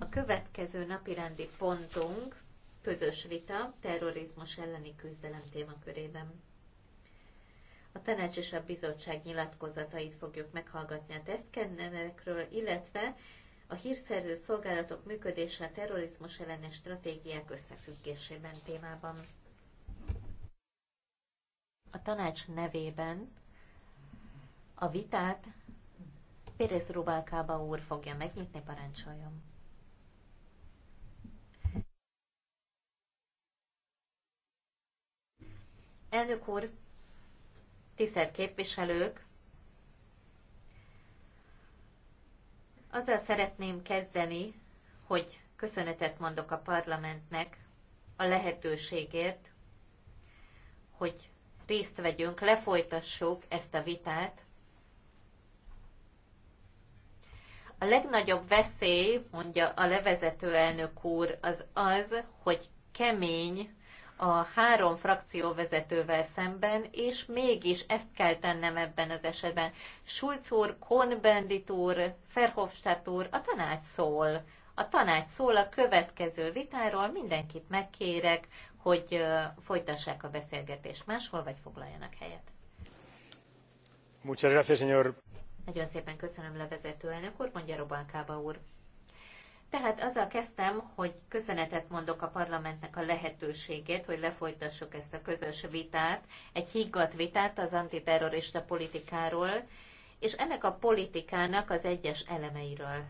A következő napirendi pontunk közös vita terrorizmus elleni küzdelem témakörében. A tanács és a bizottság nyilatkozatait fogjuk meghallgatni a teszkennerekről, illetve a hírszerző szolgálatok működése a terrorizmus ellenes stratégiák összefüggésében témában. A tanács nevében a vitát Pérez Rubalkába úr fogja megnyitni, parancsoljon. Elnök úr, tisztelt képviselők, azzal szeretném kezdeni, hogy köszönetet mondok a parlamentnek a lehetőségért, hogy részt vegyünk, lefolytassuk ezt a vitát. A legnagyobb veszély, mondja a levezető elnök úr, az az, hogy kemény a három frakció vezetővel szemben, és mégis ezt kell tennem ebben az esetben. Schulz úr, Kohn-Bendit úr, Verhofstadt úr, a tanács szól. A tanács szól a következő vitáról, mindenkit megkérek, hogy folytassák a beszélgetést máshol, vagy foglaljanak helyet. Muchas gracias, señor. Nagyon szépen köszönöm levezető elnök úr, mondja Robán Kába úr. Tehát azzal kezdtem, hogy köszönetet mondok a parlamentnek a lehetőségét, hogy lefolytassuk ezt a közös vitát, egy higgadt vitát az antiterrorista politikáról, és ennek a politikának az egyes elemeiről.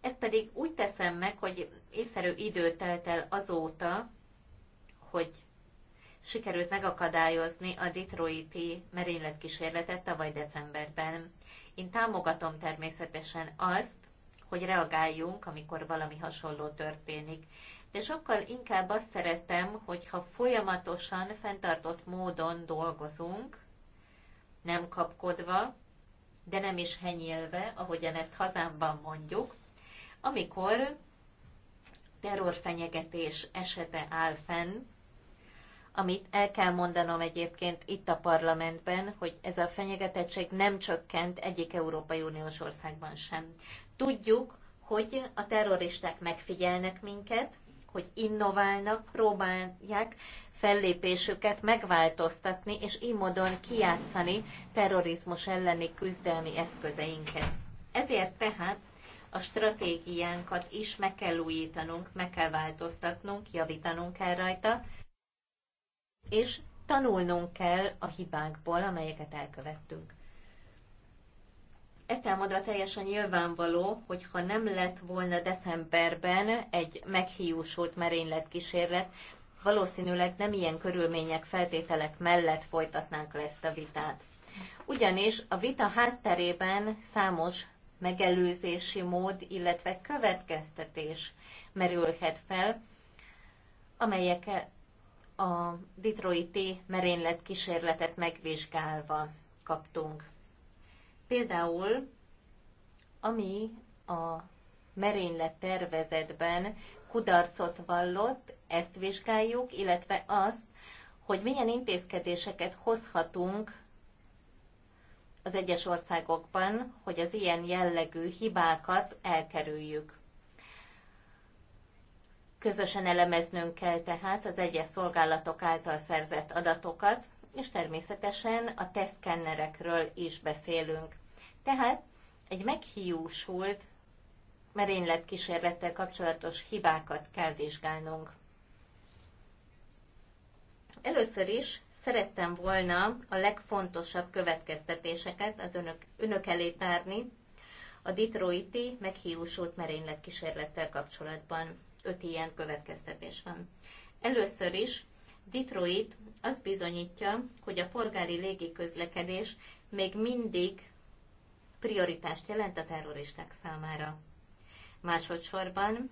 Ezt pedig úgy teszem meg, hogy észszerű idő telt el azóta, hogy sikerült megakadályozni a Detroiti merényletkísérletet tavaly decemberben. Én támogatom természetesen azt, hogy reagáljunk, amikor valami hasonló történik. De sokkal inkább azt szeretem, hogyha folyamatosan, fenntartott módon dolgozunk, nem kapkodva, de nem is henyélve, ahogyan ezt hazámban mondjuk, amikor terrorfenyegetés esete áll fenn, amit el kell mondanom egyébként itt a parlamentben, hogy ez a fenyegetettség nem csökkent egyik Európai Uniós országban sem. Tudjuk, hogy a terroristák megfigyelnek minket, hogy innoválnak, próbálják fellépésüket megváltoztatni, és így módon kiátszani terrorizmus elleni küzdelmi eszközeinket. Ezért tehát a stratégiánkat is meg kell újítanunk, meg kell változtatnunk, javítanunk kell rajta, és tanulnunk kell a hibákból, amelyeket elkövettünk. Ezt elmondva teljesen nyilvánvaló, hogy ha nem lett volna decemberben egy meghiúsult merényletkísérlet, valószínűleg nem ilyen körülmények, feltételek mellett folytatnánk le ezt a vitát. Ugyanis a vita hátterében számos megelőzési mód, illetve következtetés merülhet fel, amelyek a Detroiti merénylet kísérletet megvizsgálva kaptunk. Például, ami a merénylet tervezetben kudarcot vallott, ezt vizsgáljuk, illetve azt, hogy milyen intézkedéseket hozhatunk az egyes országokban, hogy az ilyen jellegű hibákat elkerüljük. Közösen elemeznünk kell tehát az egyes szolgálatok által szerzett adatokat, és természetesen a tesztkennerekről is beszélünk. Tehát egy meghiúsult merényletkísérlettel kapcsolatos hibákat kell vizsgálnunk. Először is szerettem volna a legfontosabb következtetéseket az önök, önök elé tárni a Detroiti meghiúsult merényletkísérlettel kapcsolatban. Öt ilyen következtetés van. Először is Detroit azt bizonyítja, hogy a polgári légiközlekedés még mindig prioritást jelent a terroristák számára. Másodszorban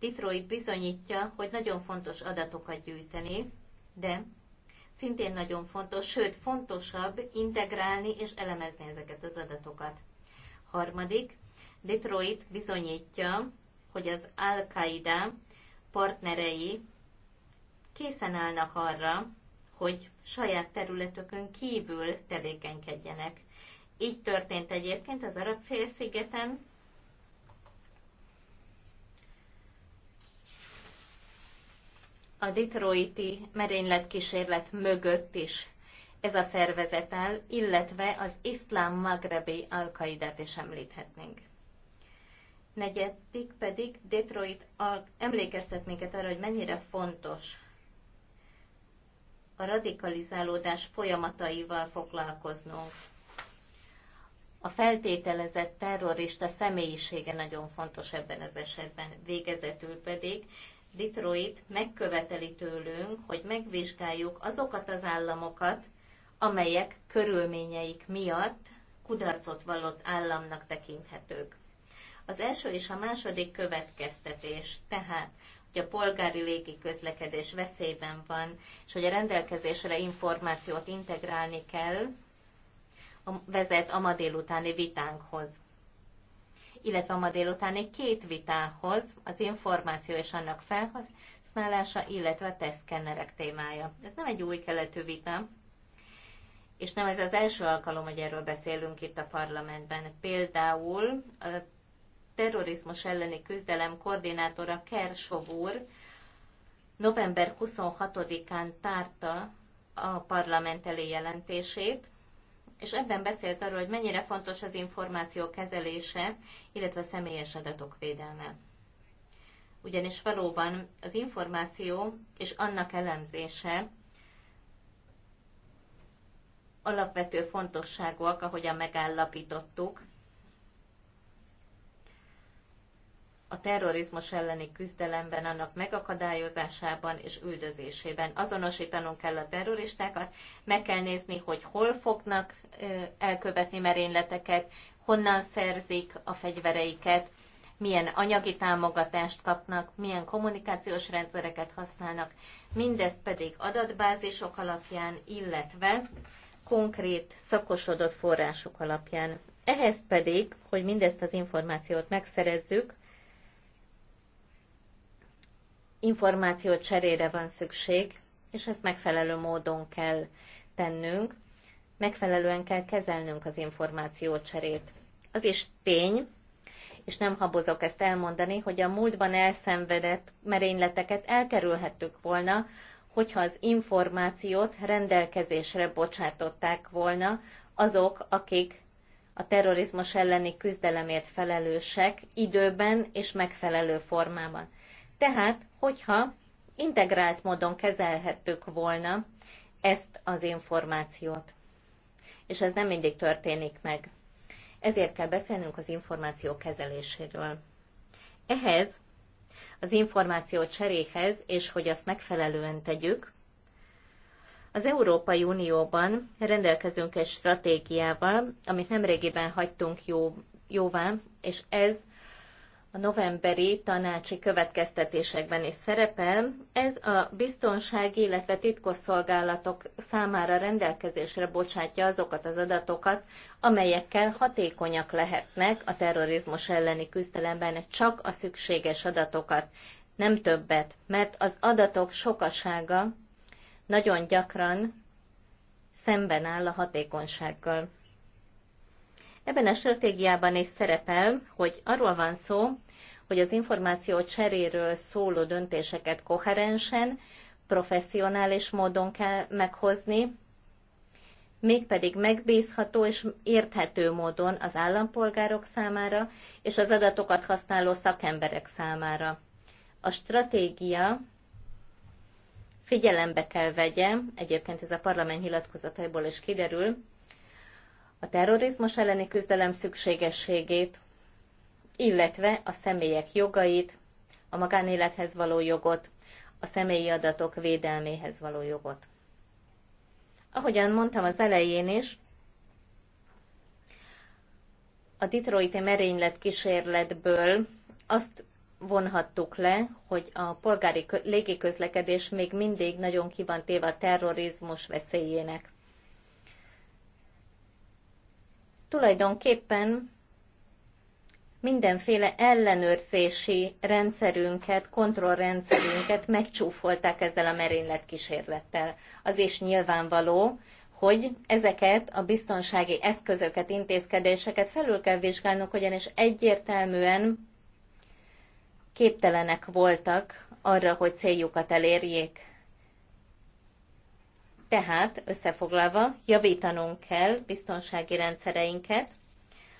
Detroit bizonyítja, hogy nagyon fontos adatokat gyűjteni, de szintén nagyon fontos, sőt fontosabb integrálni és elemezni ezeket az adatokat. Harmadik, Detroit bizonyítja, hogy az al qaeda partnerei készen állnak arra, hogy saját területökön kívül tevékenykedjenek. Így történt egyébként az arab félszigeten, a Detroiti merényletkísérlet mögött is ez a szervezet áll, illetve az iszlám magrebi alkaidát is említhetnénk. Negyedik pedig Detroit emlékeztet minket arra, hogy mennyire fontos a radikalizálódás folyamataival foglalkoznunk. A feltételezett terrorista személyisége nagyon fontos ebben az esetben. Végezetül pedig Detroit megköveteli tőlünk, hogy megvizsgáljuk azokat az államokat, amelyek körülményeik miatt kudarcot vallott államnak tekinthetők. Az első és a második következtetés tehát hogy a polgári légi közlekedés veszélyben van, és hogy a rendelkezésre információt integrálni kell, a vezet a ma délutáni vitánkhoz illetve a ma délutáni két vitához, az információ és annak felhasználása, illetve a tesztkennerek témája. Ez nem egy új keletű vita, és nem ez az első alkalom, hogy erről beszélünk itt a parlamentben. Például a terrorizmus elleni küzdelem koordinátora Kersov úr november 26-án tárta a parlament elé jelentését, és ebben beszélt arról, hogy mennyire fontos az információ kezelése, illetve a személyes adatok védelme. Ugyanis valóban az információ és annak elemzése alapvető fontosságúak, ahogyan megállapítottuk, a terrorizmus elleni küzdelemben, annak megakadályozásában és üldözésében. Azonosítanunk kell a terroristákat, meg kell nézni, hogy hol fognak elkövetni merényleteket, honnan szerzik a fegyvereiket, milyen anyagi támogatást kapnak, milyen kommunikációs rendszereket használnak, mindezt pedig adatbázisok alapján, illetve konkrét szakosodott források alapján. Ehhez pedig, hogy mindezt az információt megszerezzük, információ cserére van szükség, és ezt megfelelő módon kell tennünk, megfelelően kell kezelnünk az információ cserét. Az is tény, és nem habozok ezt elmondani, hogy a múltban elszenvedett merényleteket elkerülhettük volna, hogyha az információt rendelkezésre bocsátották volna azok, akik a terrorizmus elleni küzdelemért felelősek időben és megfelelő formában. Tehát, hogyha integrált módon kezelhettük volna ezt az információt, és ez nem mindig történik meg. Ezért kell beszélnünk az információ kezeléséről. Ehhez az információ cseréhez, és hogy azt megfelelően tegyük, az Európai Unióban rendelkezünk egy stratégiával, amit nemrégiben hagytunk jó, jóvá, és ez a novemberi tanácsi következtetésekben is szerepel. Ez a biztonsági, illetve titkosszolgálatok számára rendelkezésre bocsátja azokat az adatokat, amelyekkel hatékonyak lehetnek a terrorizmus elleni küzdelemben csak a szükséges adatokat, nem többet, mert az adatok sokasága nagyon gyakran szemben áll a hatékonysággal. Ebben a stratégiában is szerepel, hogy arról van szó, hogy az információ cseréről szóló döntéseket koherensen, professzionális módon kell meghozni, mégpedig megbízható és érthető módon az állampolgárok számára és az adatokat használó szakemberek számára. A stratégia figyelembe kell vegye, egyébként ez a parlament nyilatkozataiból is kiderül, a terrorizmus elleni küzdelem szükségességét, illetve a személyek jogait, a magánélethez való jogot, a személyi adatok védelméhez való jogot. Ahogyan mondtam az elején is, a Detroiti merénylet kísérletből azt vonhattuk le, hogy a polgári légiközlekedés még mindig nagyon kivantéva a terrorizmus veszélyének. tulajdonképpen mindenféle ellenőrzési rendszerünket, kontrollrendszerünket megcsúfolták ezzel a merényletkísérlettel. Az is nyilvánvaló, hogy ezeket a biztonsági eszközöket, intézkedéseket felül kell vizsgálnunk, ugyanis egyértelműen képtelenek voltak arra, hogy céljukat elérjék. Tehát összefoglalva javítanunk kell biztonsági rendszereinket,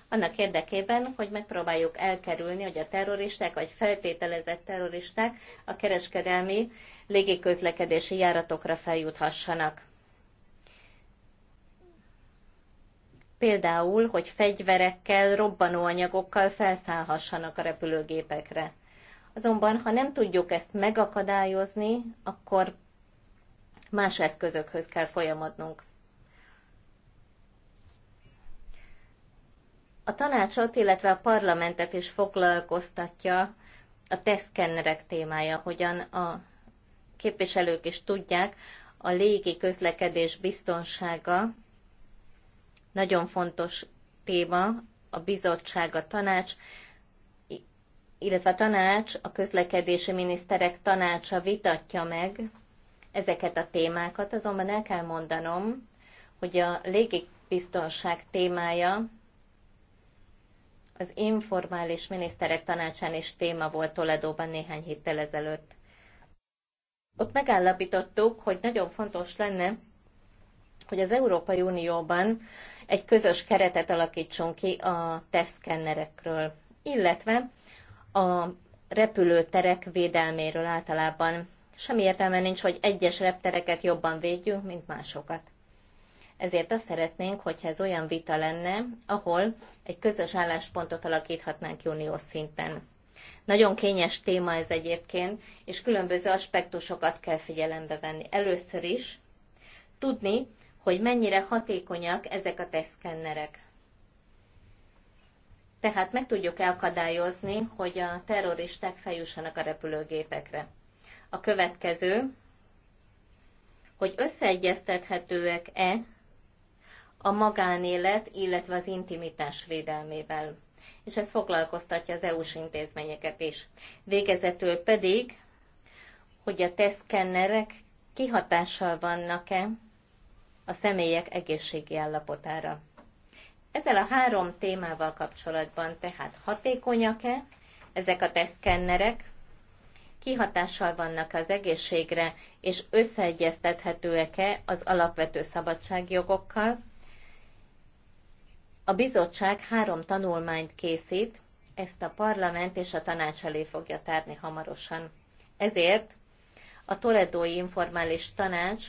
annak érdekében, hogy megpróbáljuk elkerülni, hogy a terroristák vagy feltételezett terroristák a kereskedelmi légiközlekedési járatokra feljuthassanak. Például, hogy fegyverekkel, robbanóanyagokkal felszállhassanak a repülőgépekre. Azonban, ha nem tudjuk ezt megakadályozni, akkor más eszközökhöz kell folyamodnunk. A tanácsot, illetve a parlamentet is foglalkoztatja a teszkennerek témája, hogyan a képviselők is tudják, a légi közlekedés biztonsága nagyon fontos téma, a bizottság, a tanács, illetve a tanács, a közlekedési miniszterek tanácsa vitatja meg ezeket a témákat, azonban el kell mondanom, hogy a légibiztonság témája az informális miniszterek tanácsán is téma volt Toledóban néhány héttel ezelőtt. Ott megállapítottuk, hogy nagyon fontos lenne, hogy az Európai Unióban egy közös keretet alakítsunk ki a teszkennerekről, illetve a repülőterek védelméről általában. Semmi értelme nincs, hogy egyes reptereket jobban védjünk, mint másokat. Ezért azt szeretnénk, hogyha ez olyan vita lenne, ahol egy közös álláspontot alakíthatnánk uniós szinten. Nagyon kényes téma ez egyébként, és különböző aspektusokat kell figyelembe venni. Először is tudni, hogy mennyire hatékonyak ezek a teszkennerek. Tehát meg tudjuk elkadályozni, hogy a terroristák feljussanak a repülőgépekre a következő, hogy összeegyeztethetőek-e a magánélet, illetve az intimitás védelmével. És ez foglalkoztatja az EU-s intézményeket is. Végezetül pedig, hogy a teszkennerek kihatással vannak-e a személyek egészségi állapotára. Ezzel a három témával kapcsolatban tehát hatékonyak-e ezek a teszkennerek, kihatással vannak az egészségre, és összeegyeztethetőek-e az alapvető szabadságjogokkal. A bizottság három tanulmányt készít, ezt a parlament és a tanács elé fogja tárni hamarosan. Ezért a Toledói Informális Tanács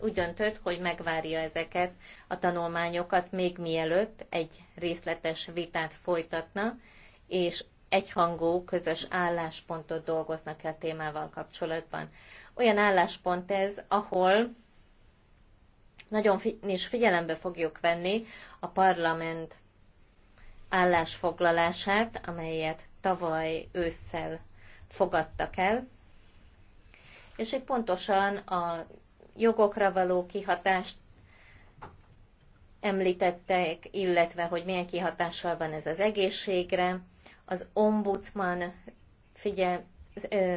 úgy döntött, hogy megvárja ezeket a tanulmányokat még mielőtt egy részletes vitát folytatna, és egyhangú, közös álláspontot dolgoznak el témával kapcsolatban. Olyan álláspont ez, ahol nagyon fi- is figyelembe fogjuk venni a parlament állásfoglalását, amelyet tavaly ősszel fogadtak el, és itt pontosan a jogokra való kihatást említettek, illetve hogy milyen kihatással van ez az egészségre, az ombudsman figyel, ö,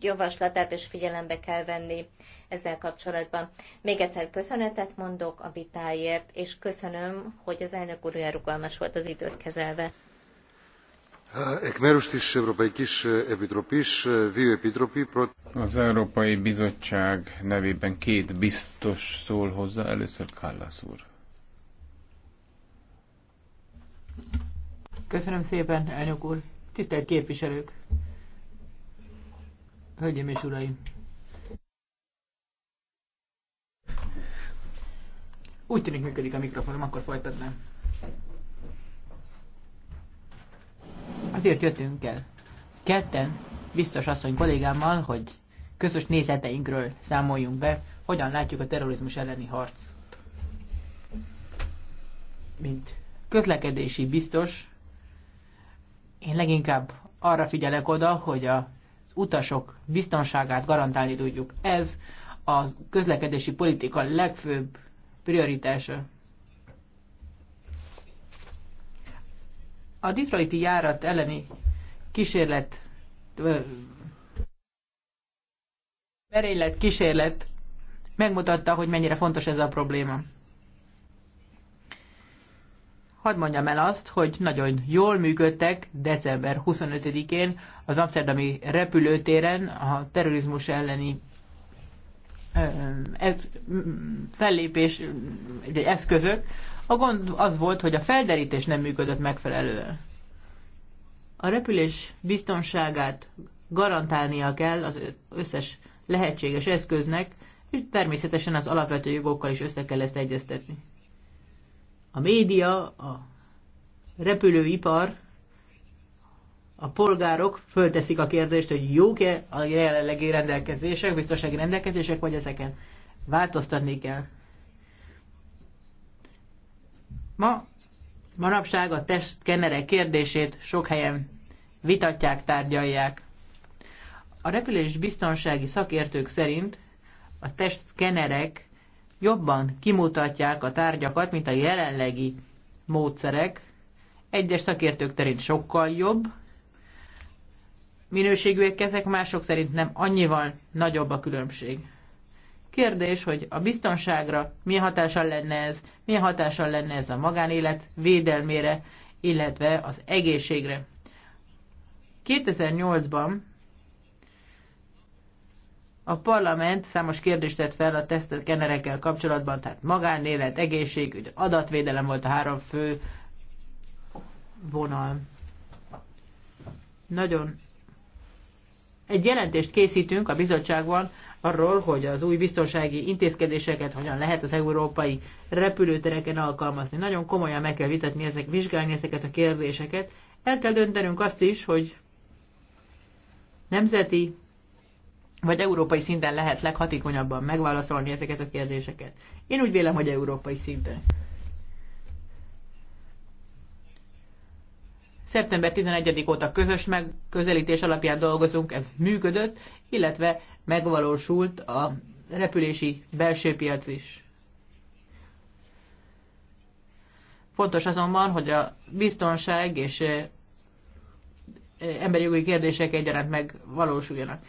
javaslatát is figyelembe kell venni ezzel kapcsolatban. Még egyszer köszönetet mondok a vitáért, és köszönöm, hogy az elnök úr olyan rugalmas volt az időt kezelve. Az Európai Bizottság nevében két biztos szól hozzá, először Kallas úr. Köszönöm szépen, elnök úr. Tisztelt képviselők! Hölgyeim és uraim! Úgy tűnik működik a mikrofonom, akkor folytatnám. Azért jöttünk el. Ketten, biztos asszony kollégámmal, hogy közös nézeteinkről számoljunk be, hogyan látjuk a terrorizmus elleni harcot. Mint közlekedési biztos, én leginkább arra figyelek oda, hogy az utasok biztonságát garantálni tudjuk. Ez a közlekedési politika legfőbb prioritása. A Detroiti járat elleni kísérlet merénylet kísérlet megmutatta, hogy mennyire fontos ez a probléma hadd mondjam el azt, hogy nagyon jól működtek december 25-én az amsterdami repülőtéren a terrorizmus elleni ez, fellépés, egy eszközök. A gond az volt, hogy a felderítés nem működött megfelelően. A repülés biztonságát garantálnia kell az összes lehetséges eszköznek, és természetesen az alapvető jogokkal is össze kell ezt egyeztetni a média, a repülőipar, a polgárok fölteszik a kérdést, hogy jók-e a jelenlegi rendelkezések, biztonsági rendelkezések, vagy ezeken változtatni kell. Ma, manapság a testkennerek kérdését sok helyen vitatják, tárgyalják. A repülés biztonsági szakértők szerint a testszkenerek jobban kimutatják a tárgyakat, mint a jelenlegi módszerek. Egyes szakértők szerint sokkal jobb minőségűek ezek, mások szerint nem annyival nagyobb a különbség. Kérdés, hogy a biztonságra milyen hatással lenne ez, milyen hatással lenne ez a magánélet védelmére, illetve az egészségre. 2008-ban a parlament számos kérdést tett fel a tesztkenerekkel kapcsolatban, tehát magánélet, egészségügy, adatvédelem volt a három fő vonal. Nagyon. Egy jelentést készítünk a bizottságban arról, hogy az új biztonsági intézkedéseket hogyan lehet az európai repülőtereken alkalmazni. Nagyon komolyan meg kell vitatni ezek, vizsgálni ezeket a kérdéseket. El kell döntenünk azt is, hogy nemzeti vagy európai szinten lehet leghatékonyabban megválaszolni ezeket a kérdéseket. Én úgy vélem, hogy európai szinten. Szeptember 11 óta közös megközelítés alapján dolgozunk, ez működött, illetve megvalósult a repülési belső piac is. Fontos azonban, hogy a biztonság és eh, emberi jogi kérdések egyaránt megvalósuljanak.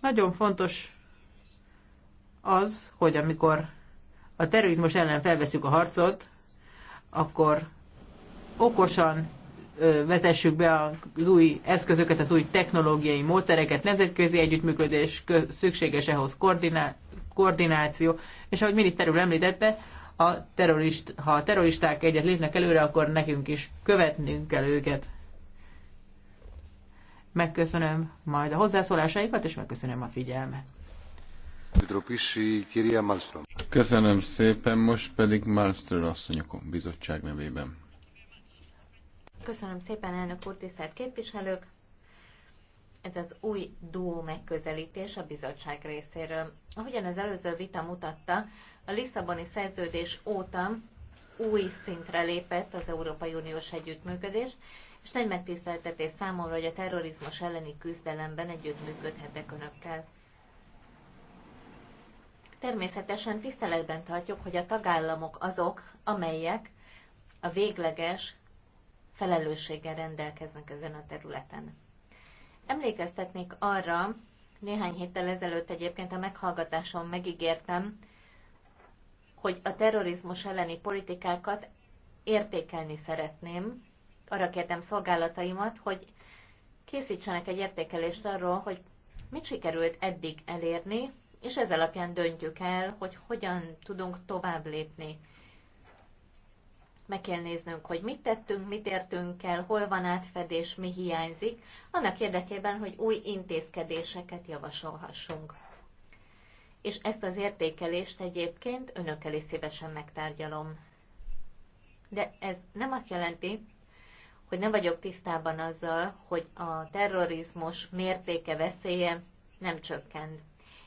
Nagyon fontos az, hogy amikor a terrorizmus ellen felveszünk a harcot, akkor okosan vezessük be az új eszközöket, az új technológiai módszereket, nemzetközi együttműködés szükséges ehhoz koordiná- koordináció, és ahogy miniszter úr említette, a terrorist, ha a terroristák egyet lépnek előre, akkor nekünk is követnünk kell őket. Megköszönöm majd a hozzászólásaikat, és megköszönöm a figyelmet. Köszönöm szépen, most pedig Malmström asszonyok bizottság nevében. Köszönöm szépen, elnök úr, tisztelt képviselők! Ez az új duó megközelítés a bizottság részéről. Ahogyan az előző vita mutatta, a Lisszaboni szerződés óta új szintre lépett az Európai Uniós együttműködés, és nagy megtiszteltetés számomra, hogy a terrorizmus elleni küzdelemben együttműködhetek önökkel. Természetesen tiszteletben tartjuk, hogy a tagállamok azok, amelyek a végleges felelősséggel rendelkeznek ezen a területen. Emlékeztetnék arra, néhány héttel ezelőtt egyébként a meghallgatáson megígértem, hogy a terrorizmus elleni politikákat értékelni szeretném, arra kértem szolgálataimat, hogy készítsenek egy értékelést arról, hogy mit sikerült eddig elérni, és ez alapján döntjük el, hogy hogyan tudunk tovább lépni. Meg kell néznünk, hogy mit tettünk, mit értünk el, hol van átfedés, mi hiányzik, annak érdekében, hogy új intézkedéseket javasolhassunk. És ezt az értékelést egyébként önökkel is szívesen megtárgyalom. De ez nem azt jelenti, hogy nem vagyok tisztában azzal, hogy a terrorizmus mértéke veszélye nem csökkent.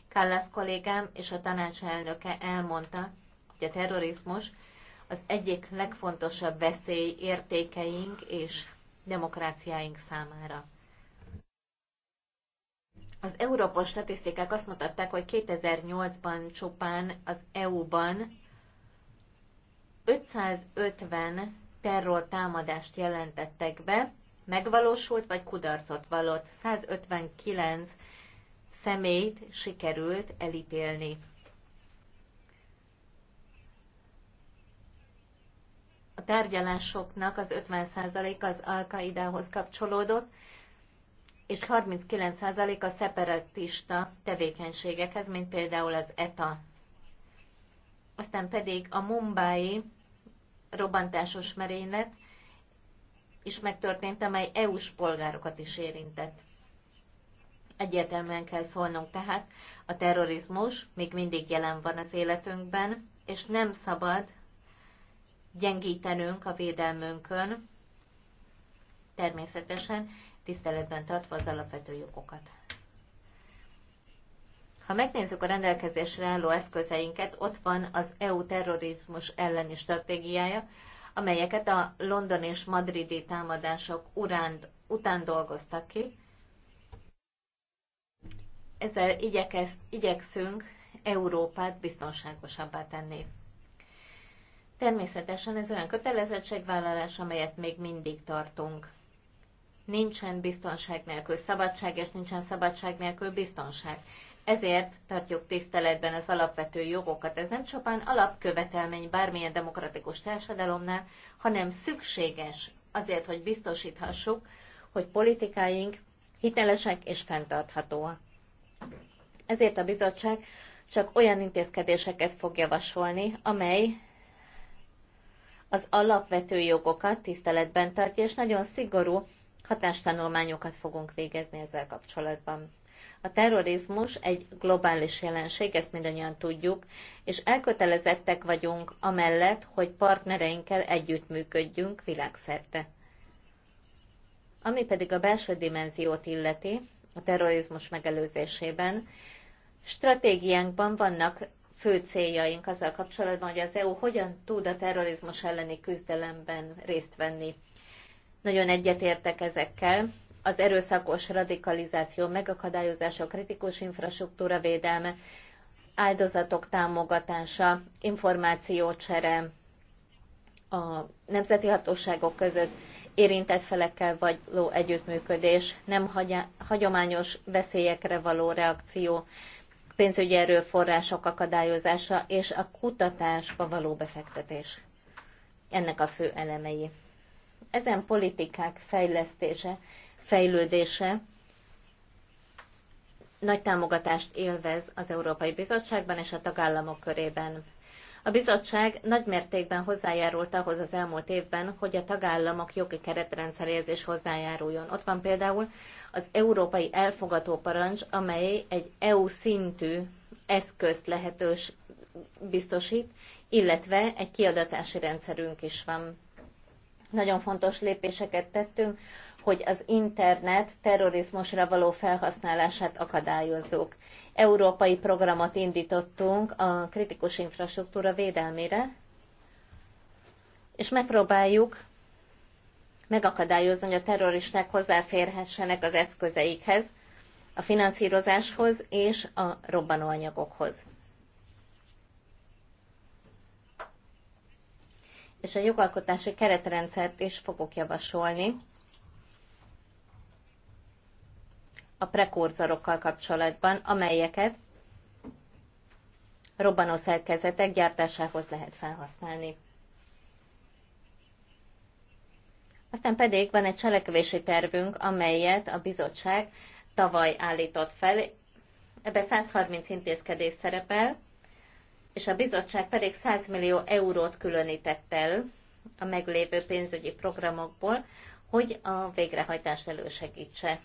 Kallász kollégám és a tanács elnöke elmondta, hogy a terrorizmus az egyik legfontosabb veszély értékeink és demokráciáink számára. Az európai statisztikák azt mutatták, hogy 2008-ban csupán az EU-ban 550 terror támadást jelentettek be, megvalósult vagy kudarcot vallott. 159 személyt sikerült elítélni. A tárgyalásoknak az 50% az al kapcsolódott, és 39% a szeparatista tevékenységekhez, mint például az ETA. Aztán pedig a mumbai robbantásos merénylet is megtörtént, amely EU-s polgárokat is érintett. Egyértelműen kell szólnunk tehát, a terrorizmus még mindig jelen van az életünkben, és nem szabad gyengítenünk a védelmünkön, természetesen tiszteletben tartva az alapvető jogokat. Ha megnézzük a rendelkezésre álló eszközeinket, ott van az EU terrorizmus elleni stratégiája, amelyeket a London és Madridi támadások uránd, után dolgoztak ki. Ezzel igyekez, igyekszünk Európát biztonságosabbá tenni. Természetesen ez olyan kötelezettségvállalás, amelyet még mindig tartunk. Nincsen biztonság nélkül szabadság, és nincsen szabadság nélkül biztonság. Ezért tartjuk tiszteletben az alapvető jogokat. Ez nem csupán alapkövetelmény bármilyen demokratikus társadalomnál, hanem szükséges azért, hogy biztosíthassuk, hogy politikáink hitelesek és fenntarthatóak. Ezért a bizottság csak olyan intézkedéseket fog javasolni, amely az alapvető jogokat tiszteletben tartja, és nagyon szigorú hatástanulmányokat fogunk végezni ezzel kapcsolatban. A terrorizmus egy globális jelenség, ezt mindannyian tudjuk, és elkötelezettek vagyunk amellett, hogy partnereinkkel együttműködjünk világszerte. Ami pedig a belső dimenziót illeti, a terrorizmus megelőzésében, stratégiánkban vannak fő céljaink azzal kapcsolatban, hogy az EU hogyan tud a terrorizmus elleni küzdelemben részt venni. Nagyon egyetértek ezekkel, az erőszakos radikalizáció megakadályozása, a kritikus infrastruktúra védelme, áldozatok támogatása, információcsere a nemzeti hatóságok között, érintett felekkel való együttműködés, nem hagyományos veszélyekre való reakció, pénzügyi erőforrások akadályozása és a kutatásba való befektetés. Ennek a fő elemei. Ezen politikák fejlesztése fejlődése nagy támogatást élvez az Európai Bizottságban és a tagállamok körében. A bizottság nagymértékben hozzájárult ahhoz az elmúlt évben, hogy a tagállamok jogi keretrendszeréhez is hozzájáruljon. Ott van például az Európai Elfogató Parancs, amely egy EU szintű eszközt lehetős biztosít, illetve egy kiadatási rendszerünk is van. Nagyon fontos lépéseket tettünk hogy az internet terrorizmusra való felhasználását akadályozzuk. Európai programot indítottunk a kritikus infrastruktúra védelmére, és megpróbáljuk megakadályozni, hogy a terroristák hozzáférhessenek az eszközeikhez, a finanszírozáshoz és a robbanóanyagokhoz. És a jogalkotási keretrendszert is fogok javasolni a prekurzorokkal kapcsolatban, amelyeket robbanószerkezetek gyártásához lehet felhasználni. Aztán pedig van egy cselekvési tervünk, amelyet a bizottság tavaly állított fel. Ebbe 130 intézkedés szerepel, és a bizottság pedig 100 millió eurót különített el a meglévő pénzügyi programokból, hogy a végrehajtást elősegítse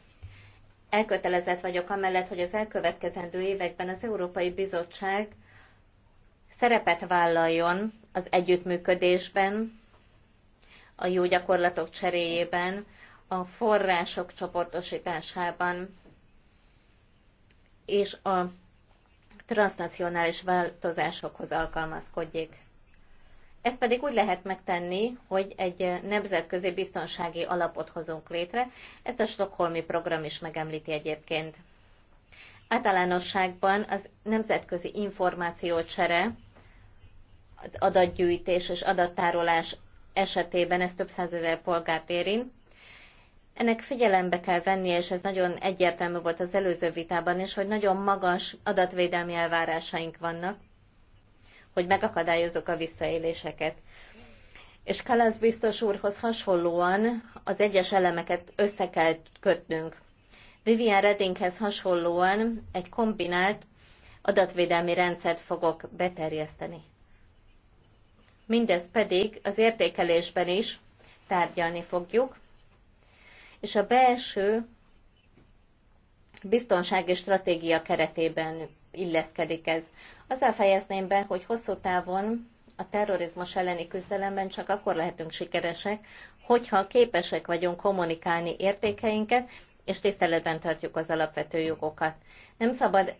elkötelezett vagyok amellett, hogy az elkövetkezendő években az Európai Bizottság szerepet vállaljon az együttműködésben, a jó gyakorlatok cseréjében, a források csoportosításában és a transnacionális változásokhoz alkalmazkodjék. Ezt pedig úgy lehet megtenni, hogy egy eh, nemzetközi biztonsági alapot hozunk létre. Ezt a Stockholmi program is megemlíti egyébként. Általánosságban az nemzetközi információcsere, az adatgyűjtés és adattárolás esetében ez több százezer polgárt érint, ennek figyelembe kell vennie, és ez nagyon egyértelmű volt az előző vitában is, hogy nagyon magas adatvédelmi elvárásaink vannak, hogy megakadályozzuk a visszaéléseket. És Kalasz biztos úrhoz hasonlóan az egyes elemeket össze kell kötnünk. Vivian Reddinghez hasonlóan egy kombinált adatvédelmi rendszert fogok beterjeszteni. Mindez pedig az értékelésben is tárgyalni fogjuk, és a belső biztonsági stratégia keretében illeszkedik ez. Azzal fejezném be, hogy hosszú távon a terrorizmus elleni küzdelemben csak akkor lehetünk sikeresek, hogyha képesek vagyunk kommunikálni értékeinket, és tiszteletben tartjuk az alapvető jogokat. Nem szabad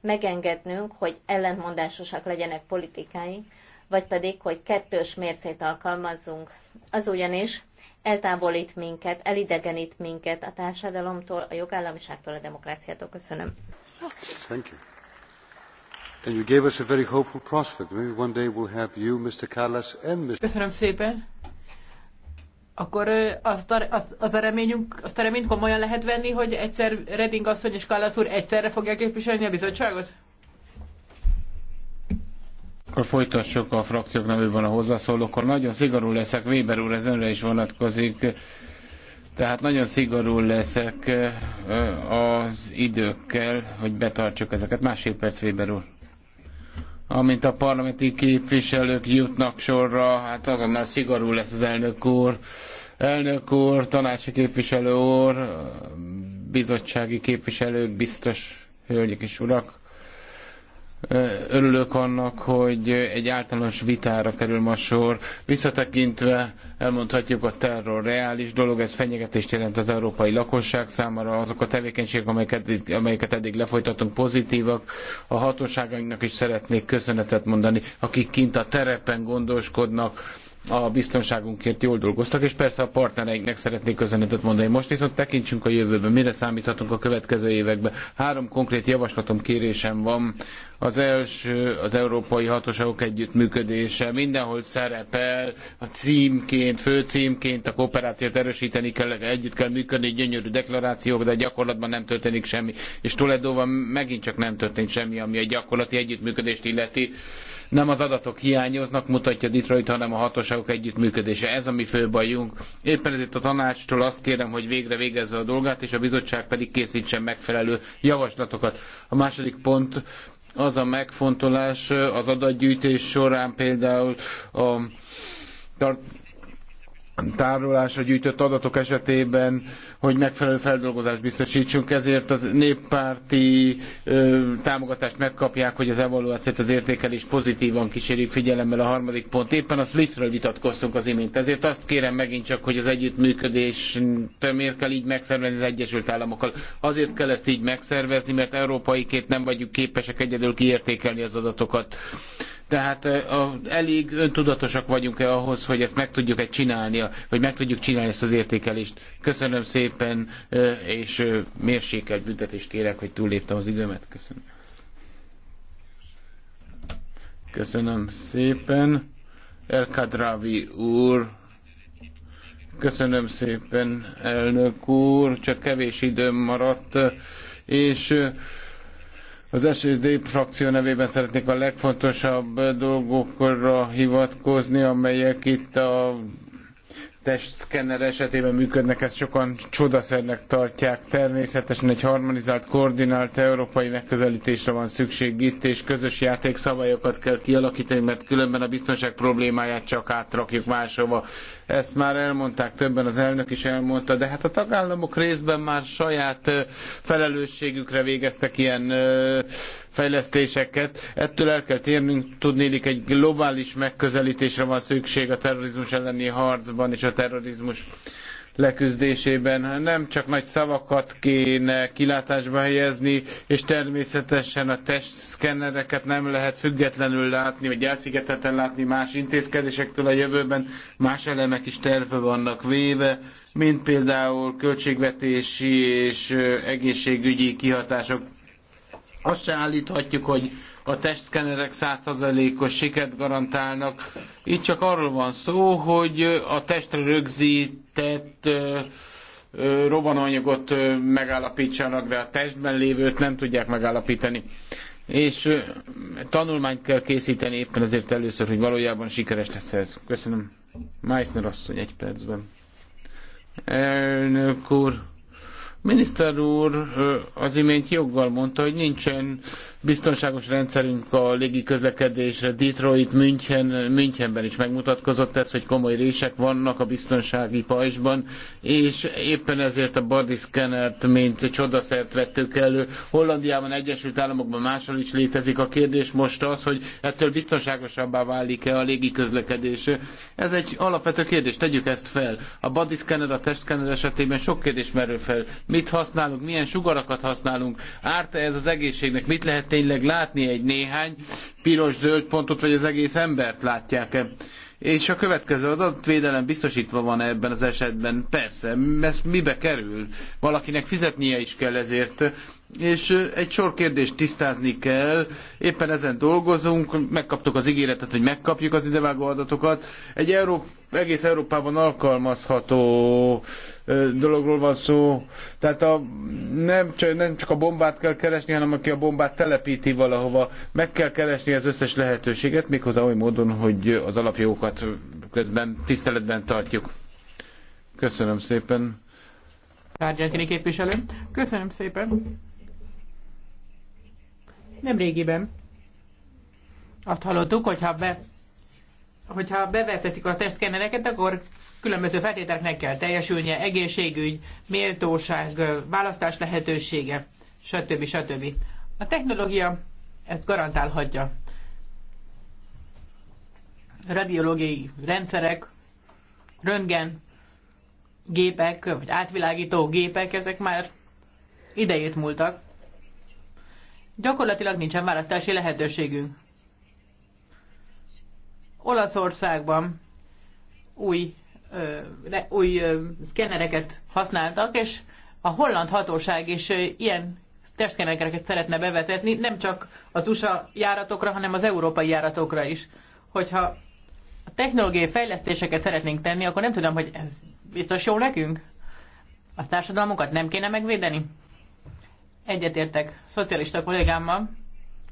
megengednünk, hogy ellentmondásosak legyenek politikáink, vagy pedig, hogy kettős mércét alkalmazzunk. Az ugyanis eltávolít minket, elidegenít minket a társadalomtól, a jogállamiságtól, a demokráciától. Köszönöm. Thank you. Köszönöm szépen. Akkor azt a, az a reményünk, azt a reményt komolyan lehet venni, hogy egyszer Reding asszony és Kallas úr egyszerre fogja képviselni a bizottságot? Akkor folytassuk a frakciók nevében a hozzászólókkal. Nagyon szigorú leszek, Weber úr, ez önre is vonatkozik. Tehát nagyon szigorú leszek az időkkel, hogy betartsuk ezeket. Másfél perc, Weber úr amint a parlamenti képviselők jutnak sorra, hát azonnal szigorú lesz az elnök úr. Elnök úr, tanácsi képviselő úr, bizottsági képviselők, biztos hölgyek és urak. Örülök annak, hogy egy általános vitára kerül ma sor. Visszatekintve elmondhatjuk, a terror reális dolog, ez fenyegetést jelent az európai lakosság számára. Azok a tevékenységek, amelyeket, amelyeket eddig lefolytatunk, pozitívak. A hatóságainknak is szeretnék köszönetet mondani, akik kint a terepen gondoskodnak a biztonságunkért jól dolgoztak, és persze a partnereinknek szeretnék köszönetet mondani. Most viszont tekintsünk a jövőben. mire számíthatunk a következő években. Három konkrét javaslatom, kérésem van. Az első az európai hatóságok együttműködése. Mindenhol szerepel a címként, főcímként a kooperációt erősíteni kell, együtt kell működni, gyönyörű deklarációk, de gyakorlatban nem történik semmi. És Toledóban megint csak nem történt semmi, ami a gyakorlati együttműködést illeti nem az adatok hiányoznak, mutatja Detroit, hanem a hatóságok együttműködése. Ez a mi fő bajunk. Éppen ezért a tanácstól azt kérem, hogy végre végezze a dolgát, és a bizottság pedig készítsen megfelelő javaslatokat. A második pont az a megfontolás az adatgyűjtés során például a tárolásra gyűjtött adatok esetében, hogy megfelelő feldolgozást biztosítsunk, ezért az néppárti ö, támogatást megkapják, hogy az evaluációt, az értékelés pozitívan kísérjük figyelemmel a harmadik pont. Éppen a Swiftről vitatkoztunk az imént, ezért azt kérem megint csak, hogy az együttműködés miért kell így megszervezni az Egyesült Államokkal. Azért kell ezt így megszervezni, mert európaiként nem vagyunk képesek egyedül kiértékelni az adatokat tehát a, elég öntudatosak vagyunk-e ahhoz, hogy ezt meg tudjuk-e csinálni, hogy meg tudjuk csinálni ezt az értékelést. Köszönöm szépen, és mérsékelt büntetést kérek, hogy túlléptem az időmet. Köszönöm. Köszönöm szépen. Elkadravi úr, köszönöm szépen, elnök úr, csak kevés időm maradt, és az SSD frakció nevében szeretnék a legfontosabb dolgokra hivatkozni, amelyek itt a testszkenner esetében működnek, ezt sokan csodaszernek tartják. Természetesen egy harmonizált, koordinált európai megközelítésre van szükség itt, és közös játékszabályokat kell kialakítani, mert különben a biztonság problémáját csak átrakjuk máshova. Ezt már elmondták többen, az elnök is elmondta, de hát a tagállamok részben már saját felelősségükre végeztek ilyen fejlesztéseket. Ettől el kell térnünk, tudnélik egy globális megközelítésre van szükség a terrorizmus elleni harcban és a terrorizmus leküzdésében. Nem csak nagy szavakat kéne kilátásba helyezni, és természetesen a testszkennereket nem lehet függetlenül látni, vagy elszigetelten látni más intézkedésektől a jövőben. Más elemek is terve vannak véve, mint például költségvetési és egészségügyi kihatások. Azt se állíthatjuk, hogy a testszkenerek 100%-os sikert garantálnak. Itt csak arról van szó, hogy a testre rögzített robbanóanyagot megállapítsanak, de a testben lévőt nem tudják megállapítani. És tanulmányt kell készíteni éppen ezért először, hogy valójában sikeres lesz ez. Köszönöm. Meissner asszony egy percben. Elnök úr, miniszter úr az imént joggal mondta, hogy nincsen biztonságos rendszerünk a légi közlekedésre. Detroit, München, Münchenben is megmutatkozott ez, hogy komoly rések vannak a biztonsági pajzsban, és éppen ezért a body scannert, mint csodaszert vettük elő. Hollandiában, Egyesült Államokban máshol is létezik a kérdés most az, hogy ettől biztonságosabbá válik-e a légi közlekedés. Ez egy alapvető kérdés, tegyük ezt fel. A body scanner, a scanner esetében sok kérdés merül fel. Mit használunk, milyen sugarakat használunk, árt -e ez az egészségnek, mit lehet tényleg látni egy néhány piros-zöld pontot, vagy az egész embert látják-e? És a következő adatvédelem biztosítva van -e ebben az esetben. Persze, ez mibe kerül? Valakinek fizetnie is kell ezért és egy sor kérdést tisztázni kell. Éppen ezen dolgozunk, megkaptuk az ígéretet, hogy megkapjuk az idevágó adatokat. Egy Európ, egész Európában alkalmazható dologról van szó. Tehát a, nem, csak, nem csak a bombát kell keresni, hanem aki a bombát telepíti valahova, meg kell keresni az összes lehetőséget, méghozzá oly módon, hogy az alapjogokat közben tiszteletben tartjuk. Köszönöm szépen. Tárgyalkini képviselő. Köszönöm szépen nem régiben azt hallottuk, hogyha, be, hogyha bevezetik a testkennereket, akkor különböző feltételeknek kell teljesülnie, egészségügy, méltóság, választás lehetősége, stb. stb. A technológia ezt garantálhatja. Radiológiai rendszerek, röntgen, gépek, vagy átvilágító gépek, ezek már idejét múltak. Gyakorlatilag nincsen választási lehetőségünk. Olaszországban új, ö, re, új ö, szkennereket használtak, és a holland hatóság is ö, ilyen testszkennereket szeretne bevezetni, nem csak az USA járatokra, hanem az európai járatokra is. Hogyha a technológiai fejlesztéseket szeretnénk tenni, akkor nem tudom, hogy ez biztos jó nekünk? A társadalmunkat nem kéne megvédeni? Egyetértek szocialista kollégámmal.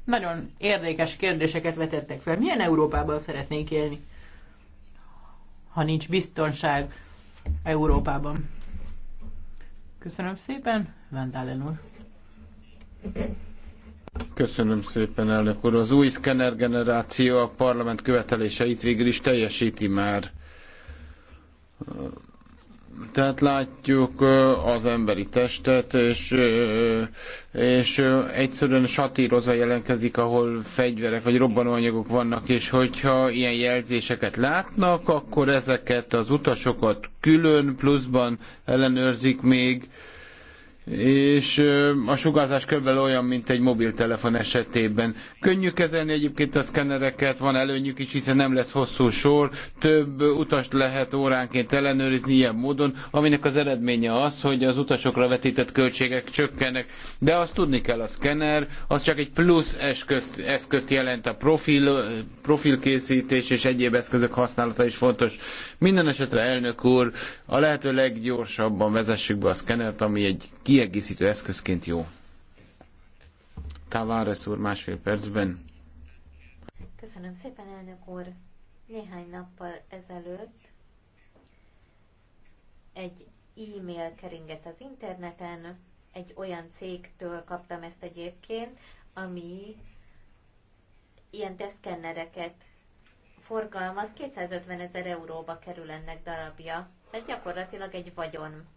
Nagyon érdekes kérdéseket vetettek fel. Milyen Európában szeretnénk élni, ha nincs biztonság Európában? Köszönöm szépen, Vendálen úr. Köszönöm szépen, elnök úr. Az új szkenner generáció a parlament követeléseit végül is teljesíti már tehát látjuk az emberi testet, és, és egyszerűen satírozva jelenkezik, ahol fegyverek vagy robbanóanyagok vannak, és hogyha ilyen jelzéseket látnak, akkor ezeket az utasokat külön pluszban ellenőrzik még, és a sugárzás kb. olyan, mint egy mobiltelefon esetében. Könnyű kezelni egyébként a szkennereket, van előnyük is, hiszen nem lesz hosszú sor, több utast lehet óránként ellenőrizni ilyen módon, aminek az eredménye az, hogy az utasokra vetített költségek csökkennek. De azt tudni kell, a szkenner az csak egy plusz eszközt, eszközt jelent, a profil, profilkészítés és egyéb eszközök használata is fontos. Minden esetre, elnök úr, a lehető leggyorsabban vezessük be a szkennert, ami egy kiegészítő eszközként jó. Tavares úr másfél percben. Köszönöm szépen, elnök úr. Néhány nappal ezelőtt egy e-mail keringett az interneten, egy olyan cégtől kaptam ezt egyébként, ami ilyen teszkennereket forgalma az 250 ezer euróba kerül ennek darabja. Tehát gyakorlatilag egy vagyon.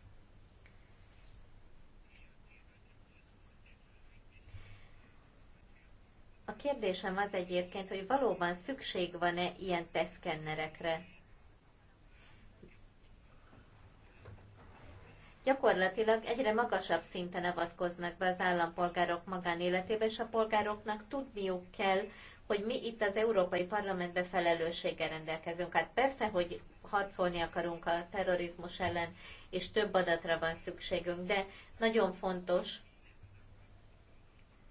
A kérdésem az egyébként, hogy valóban szükség van-e ilyen teszkennerekre? Gyakorlatilag egyre magasabb szinten avatkoznak be az állampolgárok magánéletébe, és a polgároknak tudniuk kell, hogy mi itt az Európai Parlamentben felelősséggel rendelkezünk. Hát persze, hogy harcolni akarunk a terrorizmus ellen, és több adatra van szükségünk, de nagyon fontos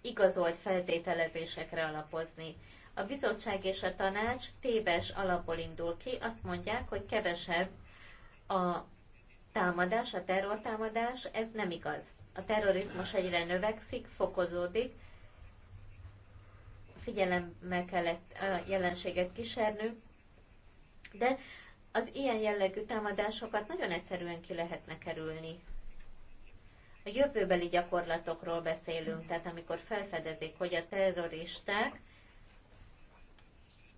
igazolt feltételezésekre alapozni. A bizottság és a tanács téves alapból indul ki, azt mondják, hogy kevesebb a támadás, a terrortámadás, ez nem igaz. A terrorizmus egyre növekszik, fokozódik, figyelemmel kellett a jelenséget kísérnünk, de az ilyen jellegű támadásokat nagyon egyszerűen ki lehetne kerülni. A jövőbeli gyakorlatokról beszélünk, tehát amikor felfedezik, hogy a terroristák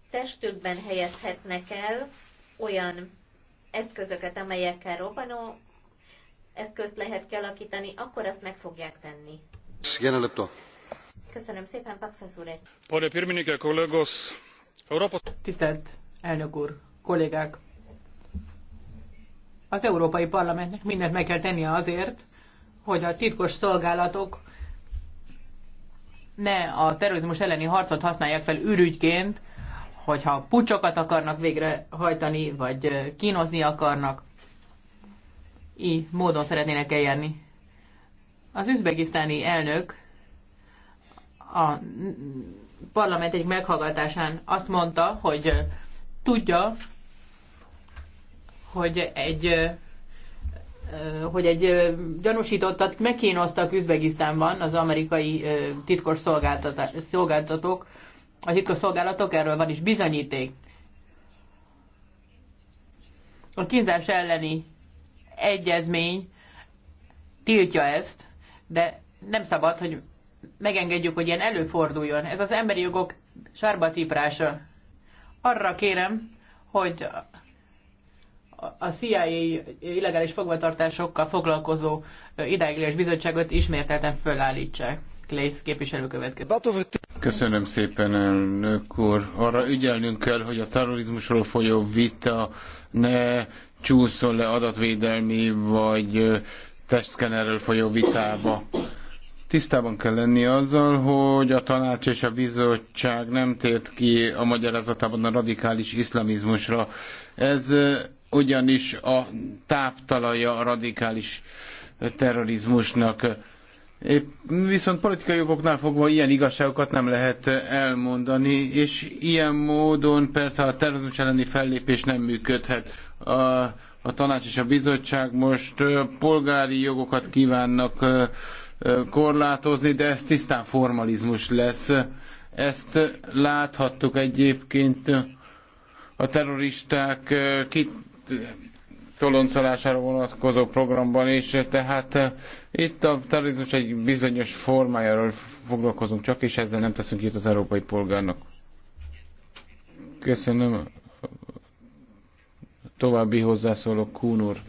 testükben helyezhetnek el olyan eszközöket, amelyekkel robbanó eszközt lehet kialakítani, akkor azt meg fogják tenni. Jelenlepto. Európa... Tisztelt elnök úr, kollégák! Az Európai Parlamentnek mindent meg kell tennie azért, hogy a titkos szolgálatok ne a terrorizmus elleni harcot használják fel ürügyként, hogyha pucsokat akarnak végrehajtani, vagy kínozni akarnak. Így módon szeretnének eljárni. Az üzbegisztáni elnök a parlament egyik meghallgatásán azt mondta, hogy tudja, hogy egy hogy egy gyanúsítottat megkínoztak Üzbegisztánban az amerikai titkos szolgáltatók, a titkos szolgálatok, erről van is bizonyíték. A kínzás elleni egyezmény tiltja ezt, de nem szabad, hogy megengedjük, hogy ilyen előforduljon. Ez az emberi jogok sárba típrása. Arra kérem, hogy a CIA illegális fogvatartásokkal foglalkozó ideiglenes bizottságot ismételten fölállítsák. Klész képviselő következő. Köszönöm szépen, elnök úr. Arra ügyelnünk kell, hogy a terrorizmusról folyó vita ne csúszol le adatvédelmi vagy testszkenerről folyó vitába. Tisztában kell lenni azzal, hogy a tanács és a bizottság nem tért ki a magyarázatában a radikális iszlamizmusra. Ez ugyanis a táptalaja a radikális terrorizmusnak. Épp, viszont politikai jogoknál fogva ilyen igazságokat nem lehet elmondani, és ilyen módon persze a terrorizmus elleni fellépés nem működhet. A, a tanács és a bizottság most polgári jogokat kívánnak korlátozni, de ez tisztán formalizmus lesz. Ezt láthattuk egyébként a terroristák toloncolására vonatkozó programban is, tehát itt a terrorizmus egy bizonyos formájáról foglalkozunk csak, és ezzel nem teszünk itt az európai polgárnak. Köszönöm. További hozzászólok Kún úr.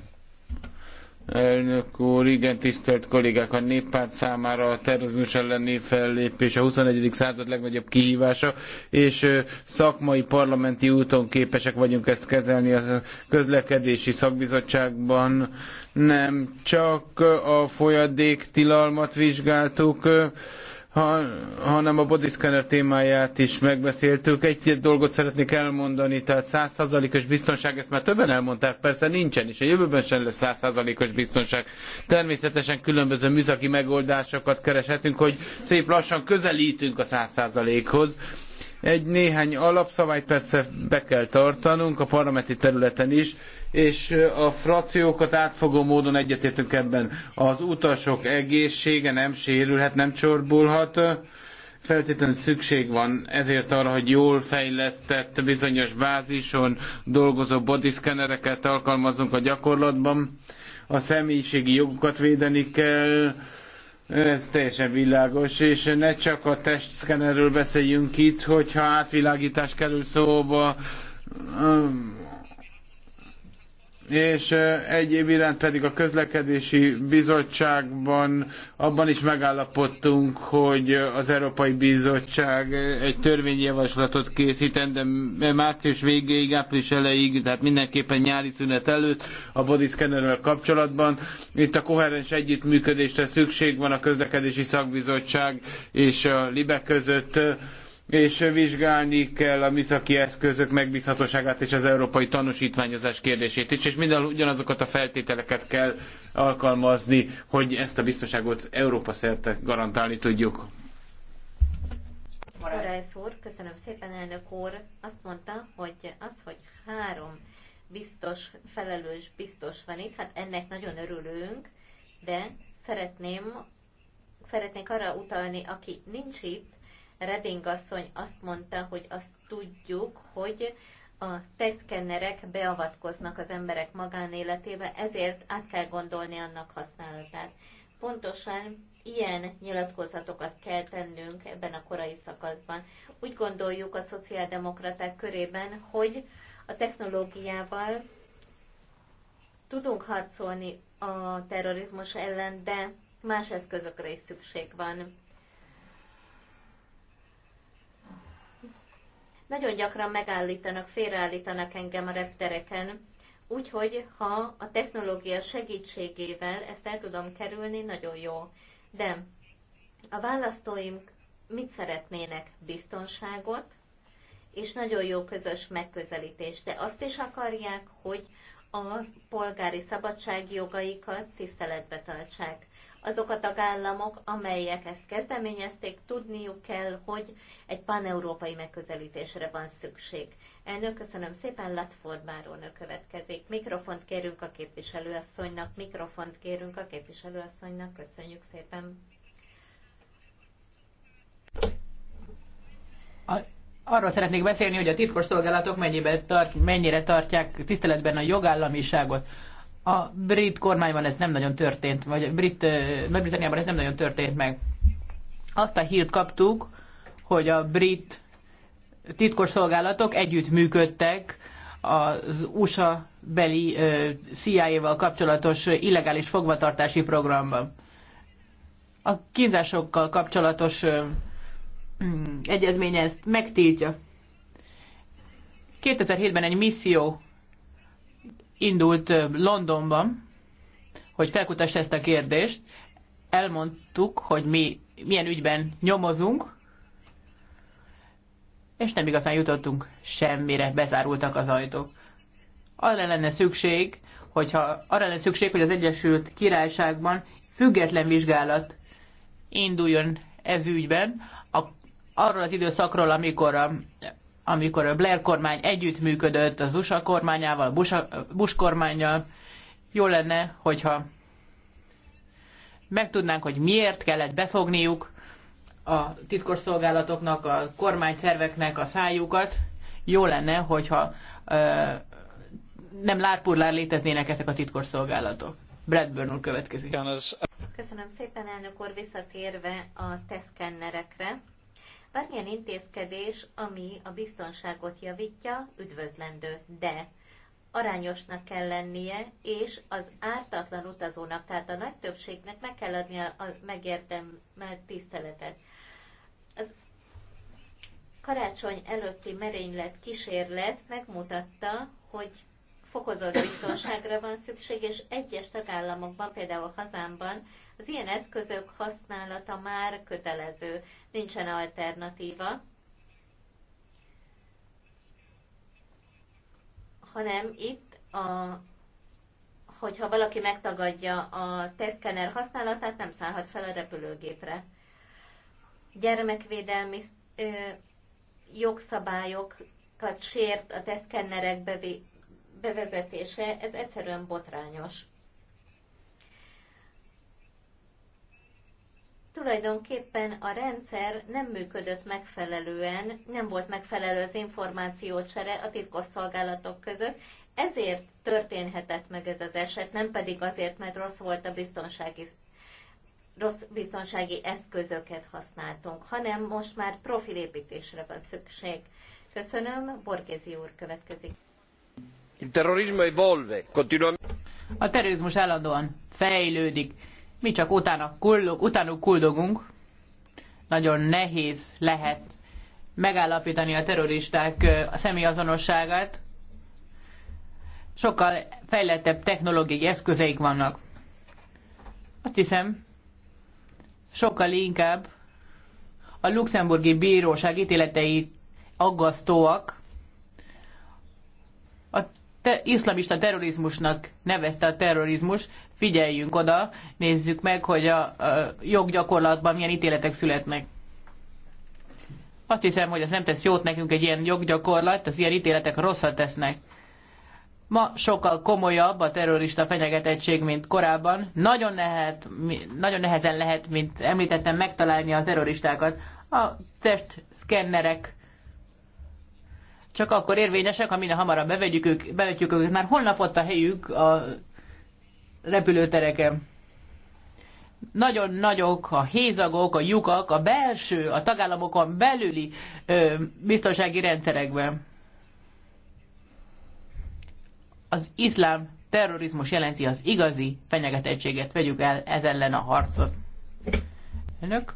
Elnök úr, igen, tisztelt kollégák, a néppárt számára a terrorizmus elleni fellépés a 21. század legnagyobb kihívása, és szakmai parlamenti úton képesek vagyunk ezt kezelni a közlekedési szakbizottságban. Nem csak a folyadék tilalmat vizsgáltuk, ha, hanem a bodyszcanner témáját is megbeszéltük. Egy, egy dolgot szeretnék elmondani, tehát százszázalékos biztonság, ezt már többen elmondták, persze nincsen, is a jövőben sem lesz százszázalékos biztonság. Természetesen különböző műszaki megoldásokat kereshetünk, hogy szép lassan közelítünk a százszázalékhoz. hoz egy néhány alapszabályt persze be kell tartanunk a parlamenti területen is, és a frakciókat átfogó módon egyetértünk ebben. Az utasok egészsége nem sérülhet, nem csorbulhat, feltétlenül szükség van ezért arra, hogy jól fejlesztett bizonyos bázison dolgozó bodyszkennereket alkalmazunk a gyakorlatban. A személyiségi jogokat védeni kell, ez teljesen világos, és ne csak a testszkenerről beszéljünk itt, hogyha átvilágítás kerül szóba, és egyéb iránt pedig a közlekedési bizottságban abban is megállapodtunk, hogy az Európai Bizottság egy törvényjavaslatot készíten, de március végéig, április elejéig, tehát mindenképpen nyári szünet előtt a body scannerrel kapcsolatban. Itt a koherens együttműködésre szükség van a közlekedési szakbizottság és a LIBE között és vizsgálni kell a műszaki eszközök megbízhatóságát és az európai tanúsítványozás kérdését is, és minden ugyanazokat a feltételeket kell alkalmazni, hogy ezt a biztonságot Európa szerte garantálni tudjuk. Marais úr, köszönöm szépen, elnök úr. Azt mondta, hogy az, hogy három biztos, felelős biztos van itt, hát ennek nagyon örülünk, de szeretném, szeretnék arra utalni, aki nincs itt, Reding asszony azt mondta, hogy azt tudjuk, hogy a teszkennerek beavatkoznak az emberek magánéletébe, ezért át kell gondolni annak használatát. Pontosan ilyen nyilatkozatokat kell tennünk ebben a korai szakaszban. Úgy gondoljuk a szociáldemokraták körében, hogy a technológiával tudunk harcolni a terrorizmus ellen, de más eszközökre is szükség van. Nagyon gyakran megállítanak, félreállítanak engem a reptereken, úgyhogy ha a technológia segítségével ezt el tudom kerülni, nagyon jó. De a választóim mit szeretnének? Biztonságot, és nagyon jó közös megközelítést. De azt is akarják, hogy a polgári szabadságjogaikat tiszteletbe tartsák azok a tagállamok, amelyek ezt kezdeményezték, tudniuk kell, hogy egy paneurópai megközelítésre van szükség. Elnök, köszönöm szépen, Latford Bárónő következik. Mikrofont kérünk a képviselőasszonynak, mikrofont kérünk a képviselőasszonynak, köszönjük szépen. arról szeretnék beszélni, hogy a titkos szolgálatok tart, mennyire tartják tiszteletben a jogállamiságot. A brit kormányban ez nem nagyon történt, vagy brit, Nagy-Britanniában ez nem nagyon történt meg. Azt a hírt kaptuk, hogy a brit titkos szolgálatok együtt működtek az USA beli CIA-val kapcsolatos illegális fogvatartási programban. A kínzásokkal kapcsolatos mm, egyezmény ezt megtiltja. 2007-ben egy misszió indult Londonban, hogy felkutassa ezt a kérdést. Elmondtuk, hogy mi milyen ügyben nyomozunk, és nem igazán jutottunk semmire, bezárultak az ajtók. Arra lenne szükség, hogyha arra lenne szükség, hogy az Egyesült Királyságban független vizsgálat induljon ez ügyben, a, arról az időszakról, amikor a, amikor a Blair kormány együttműködött az USA kormányával, a Bush, Bush kormányjal. Jó lenne, hogyha megtudnánk, hogy miért kellett befogniuk a titkosszolgálatoknak, a kormányszerveknek a szájukat. Jó lenne, hogyha ö, nem lárpurlár léteznének ezek a titkosszolgálatok. Bradburn úr következik. Köszönöm szépen, elnök úr, visszatérve a teszkennerekre Bármilyen intézkedés, ami a biztonságot javítja, üdvözlendő, de arányosnak kell lennie, és az ártatlan utazónak, tehát a nagy többségnek meg kell adni a, megérdemelt tiszteletet. Az karácsony előtti merénylet kísérlet megmutatta, hogy fokozott biztonságra van szükség, és egyes tagállamokban, például hazámban az ilyen eszközök használata már kötelező, nincsen alternatíva, hanem itt a hogyha valaki megtagadja a teszkener használatát, nem szállhat fel a repülőgépre. Gyermekvédelmi ö, jogszabályokat sért a teszkennerek bevezetése, ez egyszerűen botrányos. Tulajdonképpen a rendszer nem működött megfelelően, nem volt megfelelő az információcsere a titkosszolgálatok között, ezért történhetett meg ez az eset, nem pedig azért, mert rossz volt a biztonsági rossz biztonsági eszközöket használtunk, hanem most már profilépítésre van szükség. Köszönöm, Borgézi úr következik. A terrorizmus állandóan fejlődik. Mi csak utána kullog, utánuk kuldogunk. Nagyon nehéz lehet megállapítani a terroristák a személyazonosságát. Sokkal fejlettebb technológiai eszközeik vannak. Azt hiszem, sokkal inkább a luxemburgi bíróság ítéletei aggasztóak, te, iszlamista terrorizmusnak nevezte a terrorizmus, figyeljünk oda, nézzük meg, hogy a, a joggyakorlatban milyen ítéletek születnek. Azt hiszem, hogy ez nem tesz jót nekünk egy ilyen joggyakorlat, az ilyen ítéletek rosszat tesznek. Ma sokkal komolyabb a terrorista fenyegetettség, mint korábban. Nagyon, lehet, nagyon nehezen lehet, mint említettem, megtalálni a terroristákat. A test szkennerek csak akkor érvényesek, ha minél hamarabb bevegyük ők, bevetjük őket. Már holnap ott a helyük a repülőtereken. Nagyon nagyok a hézagok, a lyukak, a belső, a tagállamokon belüli ö, biztonsági rendszerekben. Az iszlám terrorizmus jelenti az igazi fenyegetettséget. Vegyük el ez ellen a harcot. Önök?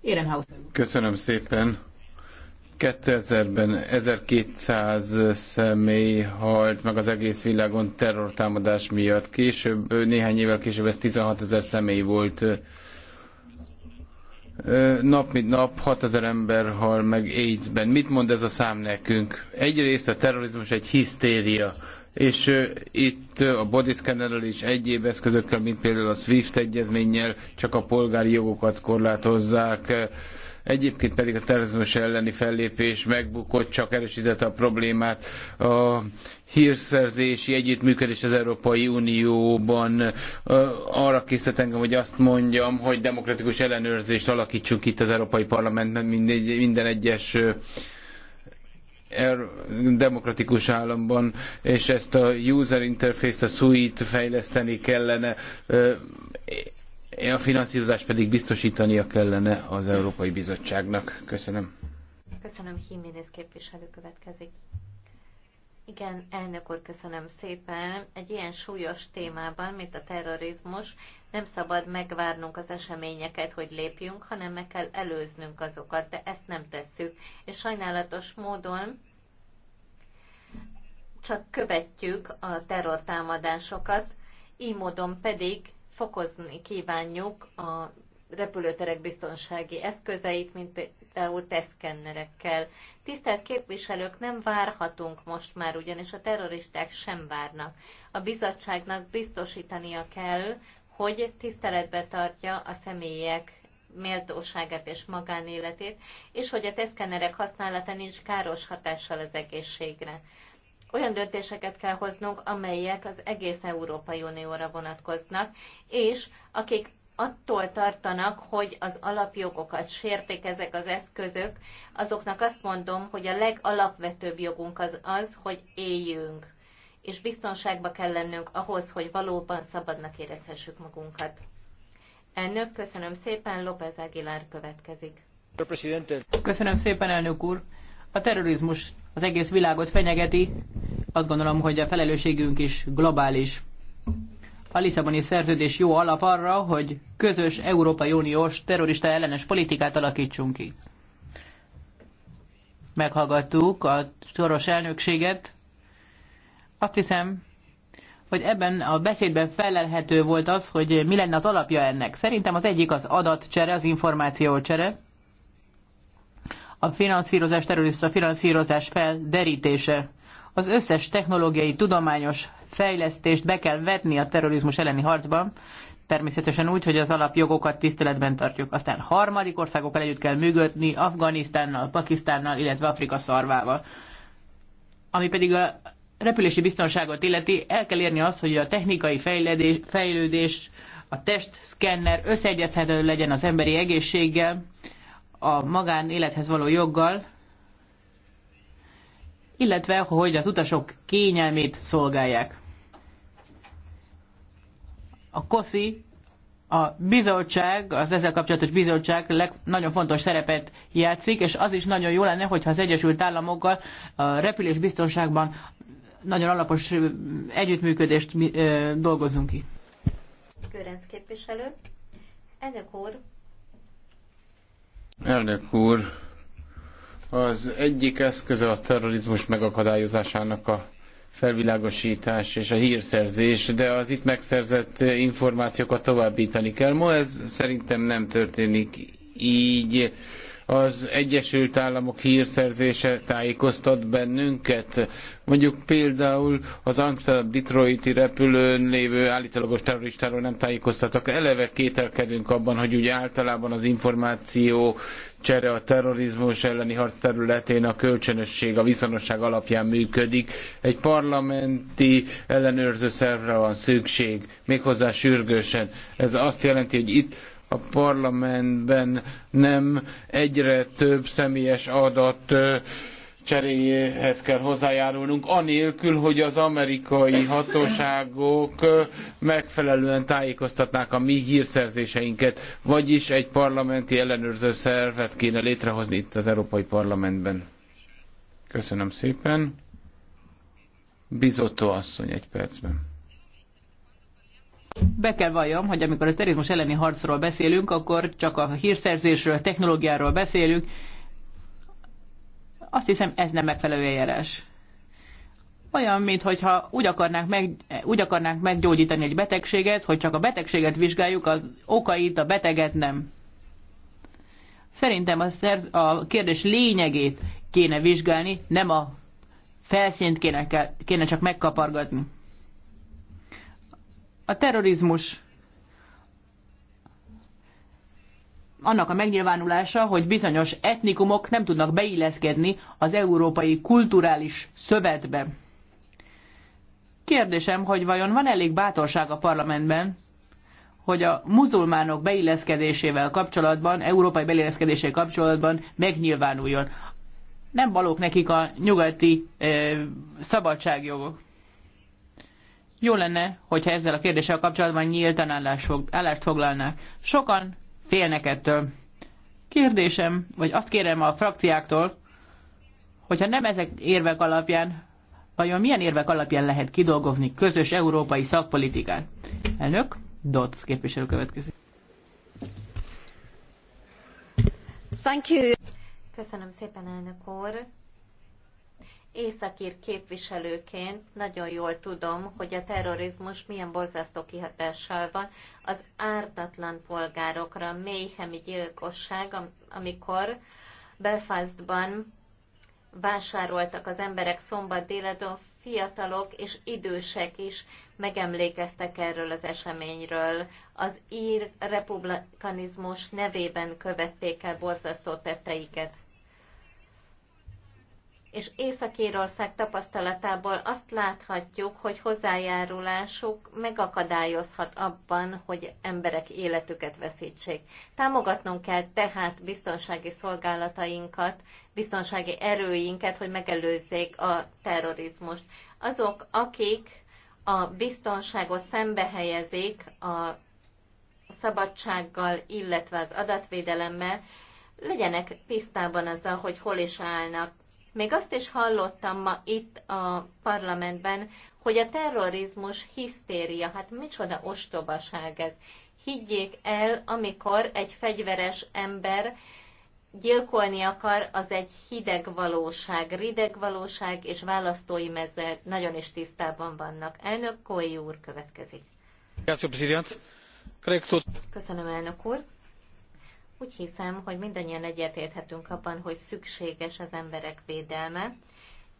Érenhauser. Köszönöm szépen. 2000-ben 1200 személy halt meg az egész világon terrortámadás miatt. Később, néhány évvel később ez 16 ezer személy volt. Nap mint nap 6000 ember hal meg AIDS-ben. Mit mond ez a szám nekünk? Egyrészt a terrorizmus egy hisztéria, és itt a bodyscannerrel és egyéb eszközökkel, mint például a SWIFT egyezménnyel csak a polgári jogokat korlátozzák Egyébként pedig a terrorizmus elleni fellépés megbukott, csak erősítette a problémát. A hírszerzési együttműködés az Európai Unióban arra készített engem, hogy azt mondjam, hogy demokratikus ellenőrzést alakítsunk itt az Európai Parlamentben minden egyes er, demokratikus államban, és ezt a user interface-t, a suite fejleszteni kellene a finanszírozást pedig biztosítania kellene az Európai Bizottságnak. Köszönöm. Köszönöm, Jiménez képviselő következik. Igen, elnök úr, köszönöm szépen. Egy ilyen súlyos témában, mint a terrorizmus, nem szabad megvárnunk az eseményeket, hogy lépjünk, hanem meg kell előznünk azokat, de ezt nem tesszük. És sajnálatos módon csak követjük a terrortámadásokat, így módon pedig fokozni kívánjuk a repülőterek biztonsági eszközeit, mint például teszkennerekkel. Tisztelt képviselők, nem várhatunk most már, ugyanis a terroristák sem várnak. A bizottságnak biztosítania kell, hogy tiszteletbe tartja a személyek méltóságát és magánéletét, és hogy a teszkennerek használata nincs káros hatással az egészségre olyan döntéseket kell hoznunk, amelyek az egész Európai Unióra vonatkoznak, és akik attól tartanak, hogy az alapjogokat sértik ezek az eszközök, azoknak azt mondom, hogy a legalapvetőbb jogunk az az, hogy éljünk, és biztonságba kell lennünk ahhoz, hogy valóban szabadnak érezhessük magunkat. Elnök, köszönöm szépen, López Aguilar következik. Köszönöm szépen, elnök úr. A terrorizmus az egész világot fenyegeti, azt gondolom, hogy a felelősségünk is globális. A Lisszaboni szerződés jó alap arra, hogy közös Európai Uniós terrorista ellenes politikát alakítsunk ki. Meghallgattuk a soros elnökséget. Azt hiszem, hogy ebben a beszédben felelhető volt az, hogy mi lenne az alapja ennek. Szerintem az egyik az adatcsere, az információcsere a finanszírozás, terrorista finanszírozás felderítése. Az összes technológiai, tudományos fejlesztést be kell vetni a terrorizmus elleni harcban, természetesen úgy, hogy az alapjogokat tiszteletben tartjuk. Aztán harmadik országokkal együtt kell működni, Afganisztánnal, Pakisztánnal, illetve Afrika szarvával. Ami pedig a repülési biztonságot illeti, el kell érni azt, hogy a technikai fejlődés, fejlődés a szkenner összeegyezhető legyen az emberi egészséggel, a magánélethez való joggal, illetve hogy az utasok kényelmét szolgálják. A COSI, a bizottság, az ezzel kapcsolatos bizottság leg, nagyon fontos szerepet játszik, és az is nagyon jó lenne, hogyha az Egyesült Államokkal a repülés biztonságban nagyon alapos együttműködést dolgozunk ki. Görenc képviselő, elnök úr, Elnök úr, az egyik eszköze a terrorizmus megakadályozásának a felvilágosítás és a hírszerzés, de az itt megszerzett információkat továbbítani kell. Ma ez szerintem nem történik így az Egyesült Államok hírszerzése tájékoztat bennünket. Mondjuk például az Amsterdam-Detroiti repülőn lévő állítólagos terroristáról nem tájékoztatok. Eleve kételkedünk abban, hogy úgy általában az információ csere a terrorizmus elleni harc területén a kölcsönösség, a viszonosság alapján működik. Egy parlamenti ellenőrző szervre van szükség, méghozzá sürgősen. Ez azt jelenti, hogy itt a parlamentben nem egyre több személyes adat cseréjéhez kell hozzájárulnunk, anélkül, hogy az amerikai hatóságok megfelelően tájékoztatnák a mi hírszerzéseinket, vagyis egy parlamenti ellenőrző szervet kéne létrehozni itt az Európai Parlamentben. Köszönöm szépen. Bizotto asszony egy percben. Be kell valljam, hogy amikor a terizmus elleni harcról beszélünk, akkor csak a hírszerzésről, a technológiáról beszélünk. Azt hiszem, ez nem megfelelő eljárás. Olyan, mintha úgy akarnák, meg, úgy akarnák meggyógyítani egy betegséget, hogy csak a betegséget vizsgáljuk, az okait, a beteget nem. Szerintem a, szerz, a kérdés lényegét kéne vizsgálni, nem a felszínt kéne, kéne csak megkapargatni. A terrorizmus annak a megnyilvánulása, hogy bizonyos etnikumok nem tudnak beilleszkedni az európai kulturális szövetbe. Kérdésem, hogy vajon van elég bátorság a parlamentben, hogy a muzulmánok beilleszkedésével kapcsolatban, európai beilleszkedésével kapcsolatban megnyilvánuljon. Nem valók nekik a nyugati eh, szabadságjogok. Jó lenne, hogyha ezzel a kérdéssel kapcsolatban nyíltan állást foglalnák. Sokan félnek ettől. Kérdésem, vagy azt kérem a frakciáktól, hogyha nem ezek érvek alapján, vajon milyen érvek alapján lehet kidolgozni közös európai szakpolitikát? Elnök, Dodds képviselő következik. Thank you. Köszönöm szépen, elnök úr északír képviselőként nagyon jól tudom, hogy a terrorizmus milyen borzasztó kihatással van az ártatlan polgárokra, mélyhemi gyilkosság, amikor Belfastban vásároltak az emberek szombat délelőtt, fiatalok és idősek is megemlékeztek erről az eseményről. Az ír republikanizmus nevében követték el borzasztó tetteiket és Észak-Írország tapasztalatából azt láthatjuk, hogy hozzájárulásuk megakadályozhat abban, hogy emberek életüket veszítsék. Támogatnunk kell tehát biztonsági szolgálatainkat, biztonsági erőinket, hogy megelőzzék a terrorizmust. Azok, akik a biztonságot szembehelyezik a szabadsággal, illetve az adatvédelemmel, legyenek tisztában azzal, hogy hol is állnak még azt is hallottam ma itt a parlamentben, hogy a terrorizmus hisztéria, hát micsoda ostobaság ez. Higgyék el, amikor egy fegyveres ember gyilkolni akar, az egy hideg valóság, rideg valóság, és választói mezzel nagyon is tisztában vannak. Elnök Kói úr következik. Köszönöm, elnök úr. Úgy hiszem, hogy mindannyian egyetérthetünk abban, hogy szükséges az emberek védelme,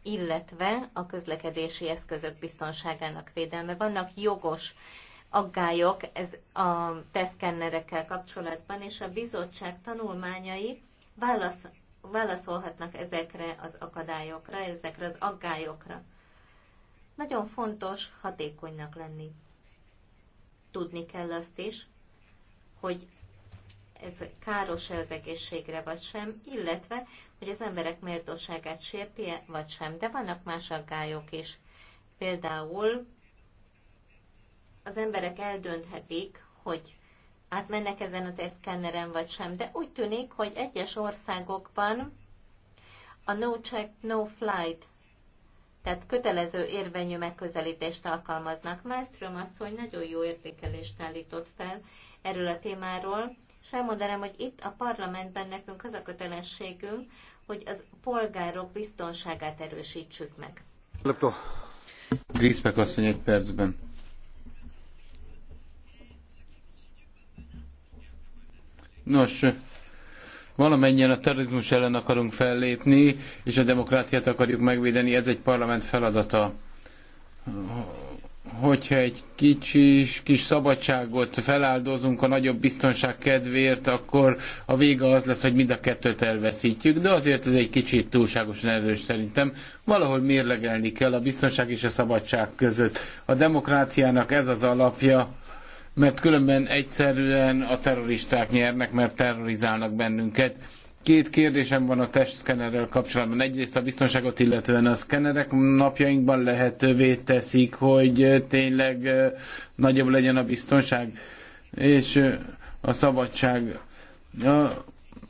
illetve a közlekedési eszközök biztonságának védelme. Vannak jogos aggályok ez a teszkennerekkel kapcsolatban, és a bizottság tanulmányai válasz, válaszolhatnak ezekre az akadályokra, ezekre az aggályokra. Nagyon fontos hatékonynak lenni. Tudni kell azt is, hogy ez káros-e az egészségre vagy sem, illetve hogy az emberek méltóságát sérti -e, vagy sem. De vannak más aggályok is. Például az emberek eldönthetik, hogy átmennek ezen a teszkenneren vagy sem, de úgy tűnik, hogy egyes országokban a no check, no flight, tehát kötelező érvényű megközelítést alkalmaznak. Mástrom hogy nagyon jó értékelést állított fel erről a témáról, és elmondanám, hogy itt a parlamentben nekünk az a kötelességünk, hogy az polgárok biztonságát erősítsük meg. Griszpek asszony egy percben. Nos, valamennyien a terrorizmus ellen akarunk fellépni, és a demokráciát akarjuk megvédeni, ez egy parlament feladata hogyha egy kicsi, kis szabadságot feláldozunk a nagyobb biztonság kedvéért, akkor a vége az lesz, hogy mind a kettőt elveszítjük, de azért ez egy kicsit túlságosan erős szerintem. Valahol mérlegelni kell a biztonság és a szabadság között. A demokráciának ez az alapja, mert különben egyszerűen a terroristák nyernek, mert terrorizálnak bennünket Két kérdésem van a testszkennerrel kapcsolatban. Egyrészt a biztonságot illetően a szkennerek napjainkban lehetővé teszik, hogy tényleg nagyobb legyen a biztonság és a szabadság.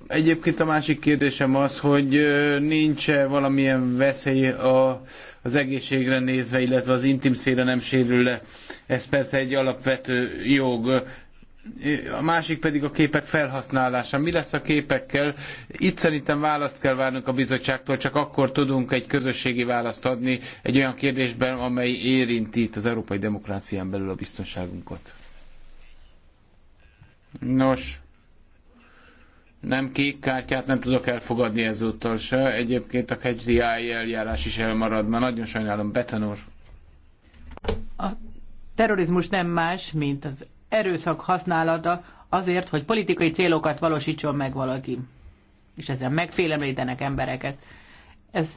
Egyébként a másik kérdésem az, hogy nincs -e valamilyen veszély a, az egészségre nézve, illetve az intim szféra nem sérül le. Ez persze egy alapvető jog, a másik pedig a képek felhasználása. Mi lesz a képekkel? Itt szerintem választ kell várnunk a bizottságtól, csak akkor tudunk egy közösségi választ adni egy olyan kérdésben, amely érinti itt az európai demokrácián belül a biztonságunkat. Nos, nem kék kártyát nem tudok elfogadni ezúttal se. Egyébként a KGI eljárás is elmarad, már nagyon sajnálom, Betanor. A terrorizmus nem más, mint az erőszak használata azért, hogy politikai célokat valósítson meg valaki. És ezzel megfélemlítenek embereket. Ez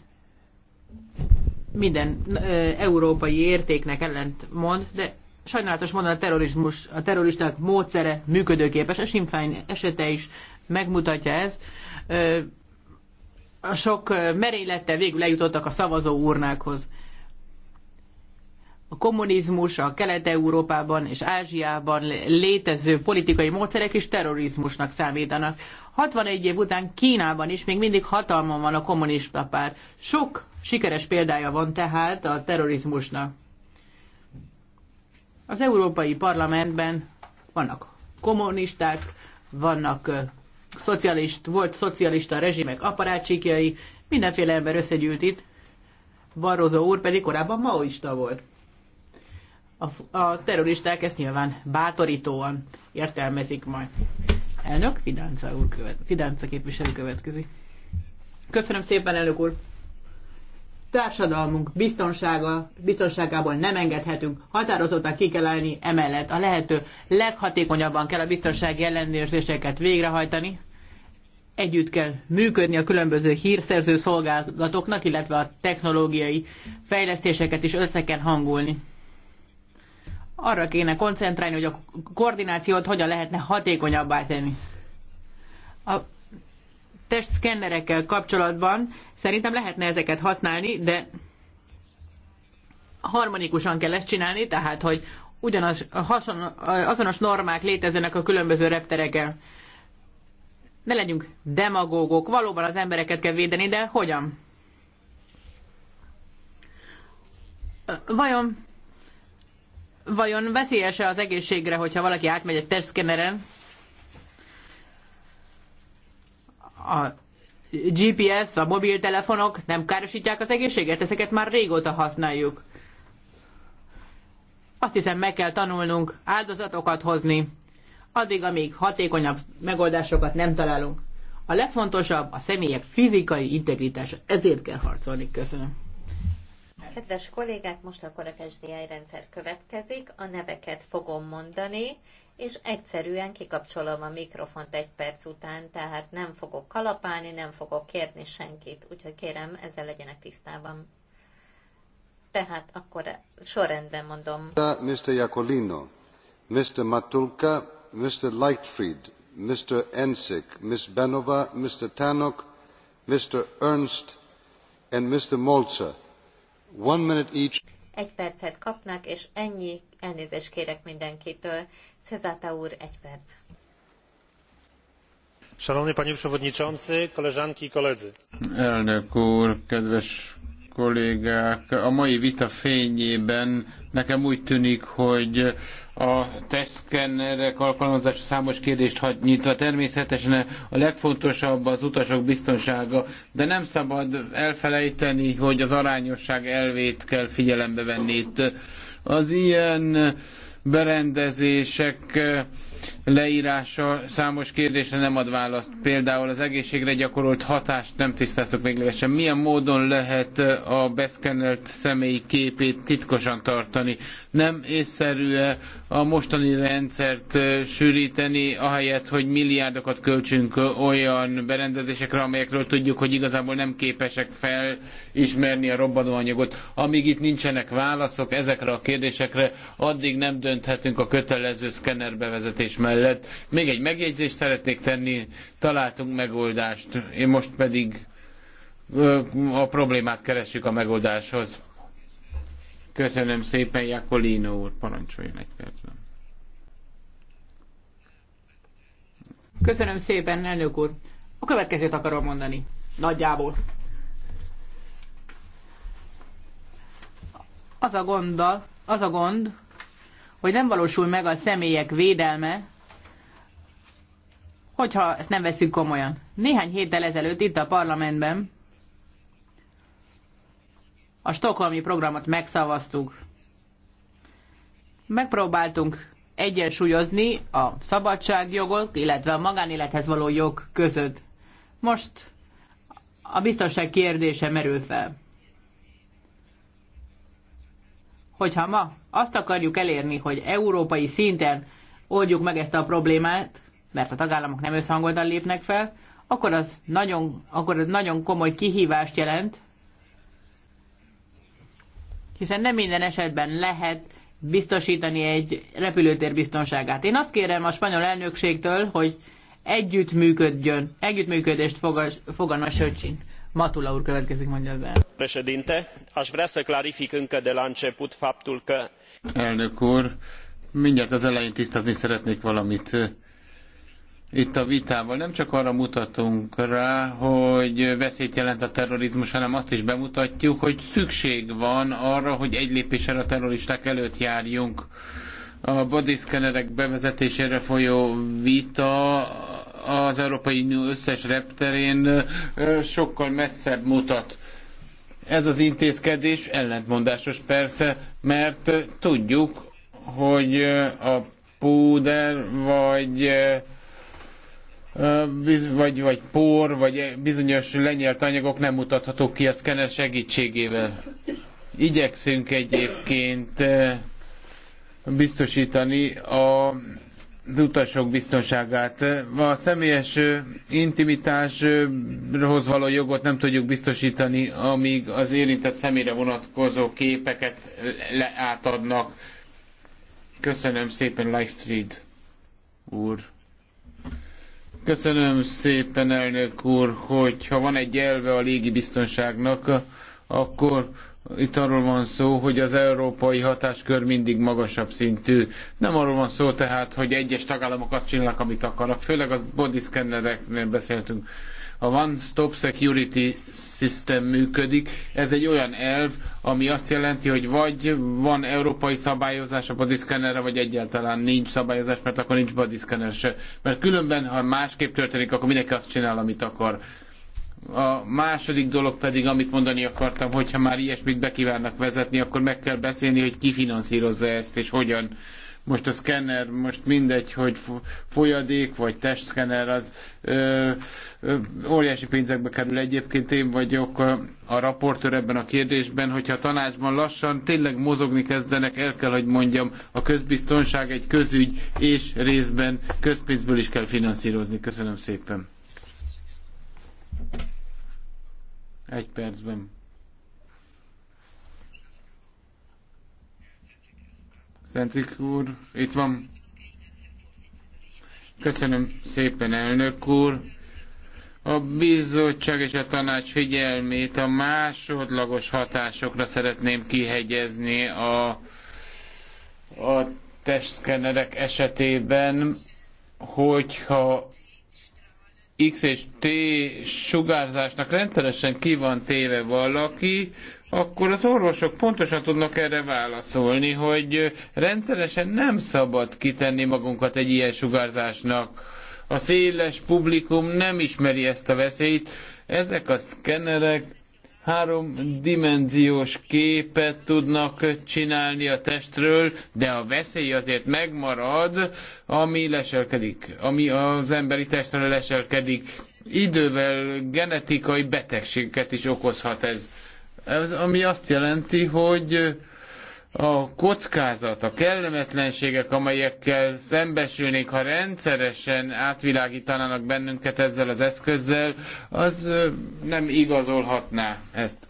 minden e, európai értéknek ellent mond, de sajnálatos módon a terrorizmus, a terroristák módszere működőképes. A Simfány esete is megmutatja ez. E, a sok merénylettel végül eljutottak a szavazó urnákhoz a kommunizmus a Kelet-Európában és Ázsiában létező politikai módszerek is terrorizmusnak számítanak. 61 év után Kínában is még mindig hatalmon van a kommunista párt. Sok sikeres példája van tehát a terrorizmusnak. Az Európai Parlamentben vannak kommunisták, vannak szocialist, volt szocialista rezsimek aparátsikjai, mindenféle ember összegyűlt itt, Barroso úr pedig korábban maoista volt a, a terroristák ezt nyilván bátorítóan értelmezik majd. Elnök, Fidánca, úr követ, Fidánca képviselő következik. Köszönöm szépen, elnök úr! Társadalmunk biztonsága, biztonságából nem engedhetünk, határozottan ki kell állni emellett. A lehető leghatékonyabban kell a biztonsági ellenőrzéseket végrehajtani, együtt kell működni a különböző hírszerző szolgálatoknak, illetve a technológiai fejlesztéseket is össze kell hangolni arra kéne koncentrálni, hogy a koordinációt hogyan lehetne hatékonyabbá tenni. A testszkennerekkel kapcsolatban szerintem lehetne ezeket használni, de harmonikusan kell ezt csinálni, tehát hogy ugyanaz, hason, azonos normák létezzenek a különböző reptereken. Ne legyünk demagógok, valóban az embereket kell védeni, de hogyan? Vajon vajon veszélyese az egészségre, hogyha valaki átmegy egy testszkeneren? A GPS, a mobiltelefonok nem károsítják az egészséget? Ezeket már régóta használjuk. Azt hiszem, meg kell tanulnunk áldozatokat hozni, addig, amíg hatékonyabb megoldásokat nem találunk. A legfontosabb a személyek fizikai integritása. Ezért kell harcolni. Köszönöm. Kedves kollégák, most akkor a KSDI rendszer következik, a neveket fogom mondani, és egyszerűen kikapcsolom a mikrofont egy perc után, tehát nem fogok kalapálni, nem fogok kérni senkit, úgyhogy kérem, ezzel legyenek tisztában. Tehát akkor sorrendben mondom. Uh, Mr. Jacolino, Mr. Matulka, Mr. Lightfried, Mr. Ensik, Ms. Benova, Mr. Tanok, Mr. Ernst, and Mr. Molzer One minute each. Egy percet kapnak, és ennyi elnézést kérek mindenkitől. Szezáta úr, egy perc. Szanowny panie przewodniczący, koleżanki i koledzy. Elnök úr, kedves kollégák, a mai vita fényében nekem úgy tűnik, hogy a testszkennerek alkalmazása számos kérdést hagy nyitva. Természetesen a legfontosabb az utasok biztonsága, de nem szabad elfelejteni, hogy az arányosság elvét kell figyelembe venni itt. Az ilyen berendezések leírása számos kérdésre nem ad választ. Például az egészségre gyakorolt hatást nem tisztáztuk véglegesen. Milyen módon lehet a beszkennelt személy képét titkosan tartani? Nem észszerű -e a mostani rendszert sűríteni, ahelyett, hogy milliárdokat költsünk olyan berendezésekre, amelyekről tudjuk, hogy igazából nem képesek felismerni a robbanóanyagot. Amíg itt nincsenek válaszok ezekre a kérdésekre, addig nem dönthetünk a kötelező szkenner bevezetés mellett. Még egy megjegyzést szeretnék tenni, találtunk megoldást, én most pedig a problémát keressük a megoldáshoz. Köszönöm szépen, Jakolino úr, parancsoljon egy percben. Köszönöm szépen, elnök úr. A következőt akarom mondani. Nagyjából. Az a, gond, az a gond, hogy nem valósul meg a személyek védelme, hogyha ezt nem veszünk komolyan. Néhány héttel ezelőtt itt a parlamentben a stokholmi programot megszavaztuk. Megpróbáltunk egyensúlyozni a szabadságjogok, illetve a magánélethez való jog között. Most a biztonság kérdése merül fel. Hogyha ma azt akarjuk elérni, hogy európai szinten oldjuk meg ezt a problémát, mert a tagállamok nem összhangoltan lépnek fel, akkor az nagyon, akkor az nagyon komoly kihívást jelent hiszen nem minden esetben lehet biztosítani egy repülőtér biztonságát. Én azt kérem a spanyol elnökségtől, hogy együttműködjön, együttműködést fogas, fogan a Söcsin. Matula úr következik, mondja be. Președinte, aș vrea să clarific încă de la început faptul că... Elnök úr, mindjárt az elején tisztázni szeretnék valamit itt a vitával. Nem csak arra mutatunk rá, hogy veszélyt jelent a terrorizmus, hanem azt is bemutatjuk, hogy szükség van arra, hogy egy lépéssel a terroristák előtt járjunk. A bodyszkenerek bevezetésére folyó vita az Európai Unió összes repterén sokkal messzebb mutat. Ez az intézkedés ellentmondásos persze, mert tudjuk, hogy a púder vagy vagy, vagy por, vagy eh, bizonyos lenyelt anyagok nem mutathatók ki a szkener segítségével. Igyekszünk egyébként eh, biztosítani a az utasok biztonságát. A személyes intimitáshoz való jogot nem tudjuk biztosítani, amíg az érintett személyre vonatkozó képeket leátadnak. Köszönöm szépen, Life Street úr. Köszönöm szépen, elnök úr, hogy ha van egy elve a légibiztonságnak, akkor itt arról van szó, hogy az európai hatáskör mindig magasabb szintű. Nem arról van szó tehát, hogy egyes tagállamok azt csinálnak, amit akarnak. Főleg a bodyscannereknél beszéltünk a One Stop Security System működik. Ez egy olyan elv, ami azt jelenti, hogy vagy van európai szabályozás a bodyszkennerre, vagy egyáltalán nincs szabályozás, mert akkor nincs bodyszkenner se. Mert különben, ha másképp történik, akkor mindenki azt csinál, amit akar. A második dolog pedig, amit mondani akartam, hogyha már ilyesmit bekívánnak vezetni, akkor meg kell beszélni, hogy ki finanszírozza ezt, és hogyan most a szkenner, most mindegy, hogy folyadék vagy testszkenner, az ö, ö, óriási pénzekbe kerül. Egyébként én vagyok a raportőr ebben a kérdésben, hogyha a tanácsban lassan tényleg mozogni kezdenek, el kell, hogy mondjam, a közbiztonság egy közügy, és részben közpénzből is kell finanszírozni. Köszönöm szépen. Egy percben. Szentik úr, itt van. Köszönöm szépen, elnök úr. A bizottság és a tanács figyelmét a másodlagos hatásokra szeretném kihegyezni a, a testszkenerek esetében, hogyha X és T sugárzásnak rendszeresen ki van téve valaki, akkor az orvosok pontosan tudnak erre válaszolni, hogy rendszeresen nem szabad kitenni magunkat egy ilyen sugárzásnak. A széles publikum nem ismeri ezt a veszélyt. Ezek a szkenerek három dimenziós képet tudnak csinálni a testről, de a veszély azért megmarad, ami leselkedik, ami az emberi testről leselkedik. Idővel genetikai betegséget is okozhat ez. Ez ami azt jelenti, hogy a kockázat, a kellemetlenségek, amelyekkel szembesülnék, ha rendszeresen átvilágítanának bennünket ezzel az eszközzel, az nem igazolhatná ezt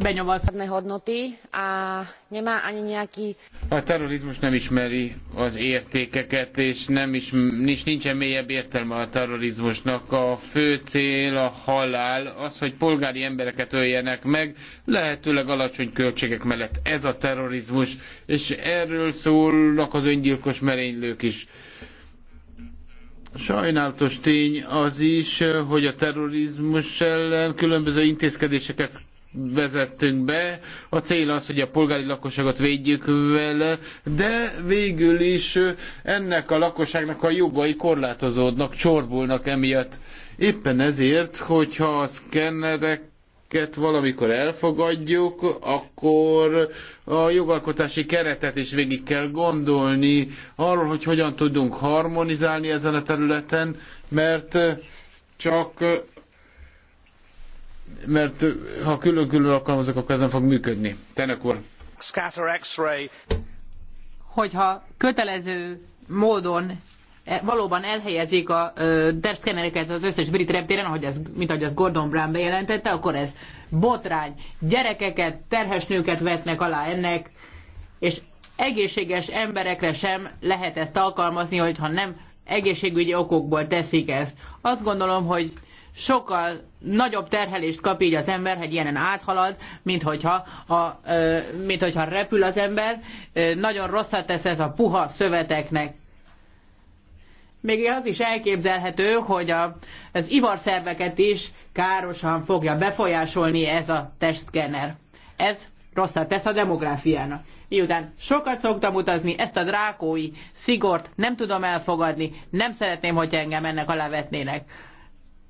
benyomásodnoty a nemá ani nejaký... A terrorizmus nem ismeri az értékeket, és nem is, nincs, nincsen mélyebb értelme a terrorizmusnak. A fő cél a halál, az, hogy polgári embereket öljenek meg, lehetőleg alacsony költségek mellett. Ez a terrorizmus, és erről szólnak az öngyilkos merénylők is. Sajnálatos tény az is, hogy a terrorizmus ellen különböző intézkedéseket vezettünk be. A cél az, hogy a polgári lakosságot védjük vele, de végül is ennek a lakosságnak a jogai korlátozódnak, csorbulnak emiatt. Éppen ezért, hogyha a szkennerek valamikor elfogadjuk, akkor a jogalkotási keretet is végig kell gondolni arról, hogy hogyan tudunk harmonizálni ezen a területen, mert csak mert ha külön-külön alkalmazok, akkor ez nem fog működni. Tenek úr. Scatter X-ray. Hogyha kötelező módon e, valóban elhelyezik a testkenereket az összes brit reptéren, ahogy ez, mint ahogy az Gordon Brown bejelentette, akkor ez botrány. Gyerekeket, terhes nőket vetnek alá ennek, és egészséges emberekre sem lehet ezt alkalmazni, hogyha nem egészségügyi okokból teszik ezt. Azt gondolom, hogy sokkal nagyobb terhelést kap így az ember, hogy ilyenen áthalad, mint hogyha, a, mint hogyha repül az ember. Nagyon rosszat tesz ez a puha szöveteknek. Még az is elképzelhető, hogy a, az ivarszerveket is károsan fogja befolyásolni ez a testkenner. Ez rosszat tesz a demográfiának. Miután sokat szoktam utazni, ezt a drákói szigort nem tudom elfogadni, nem szeretném, hogy engem ennek alávetnének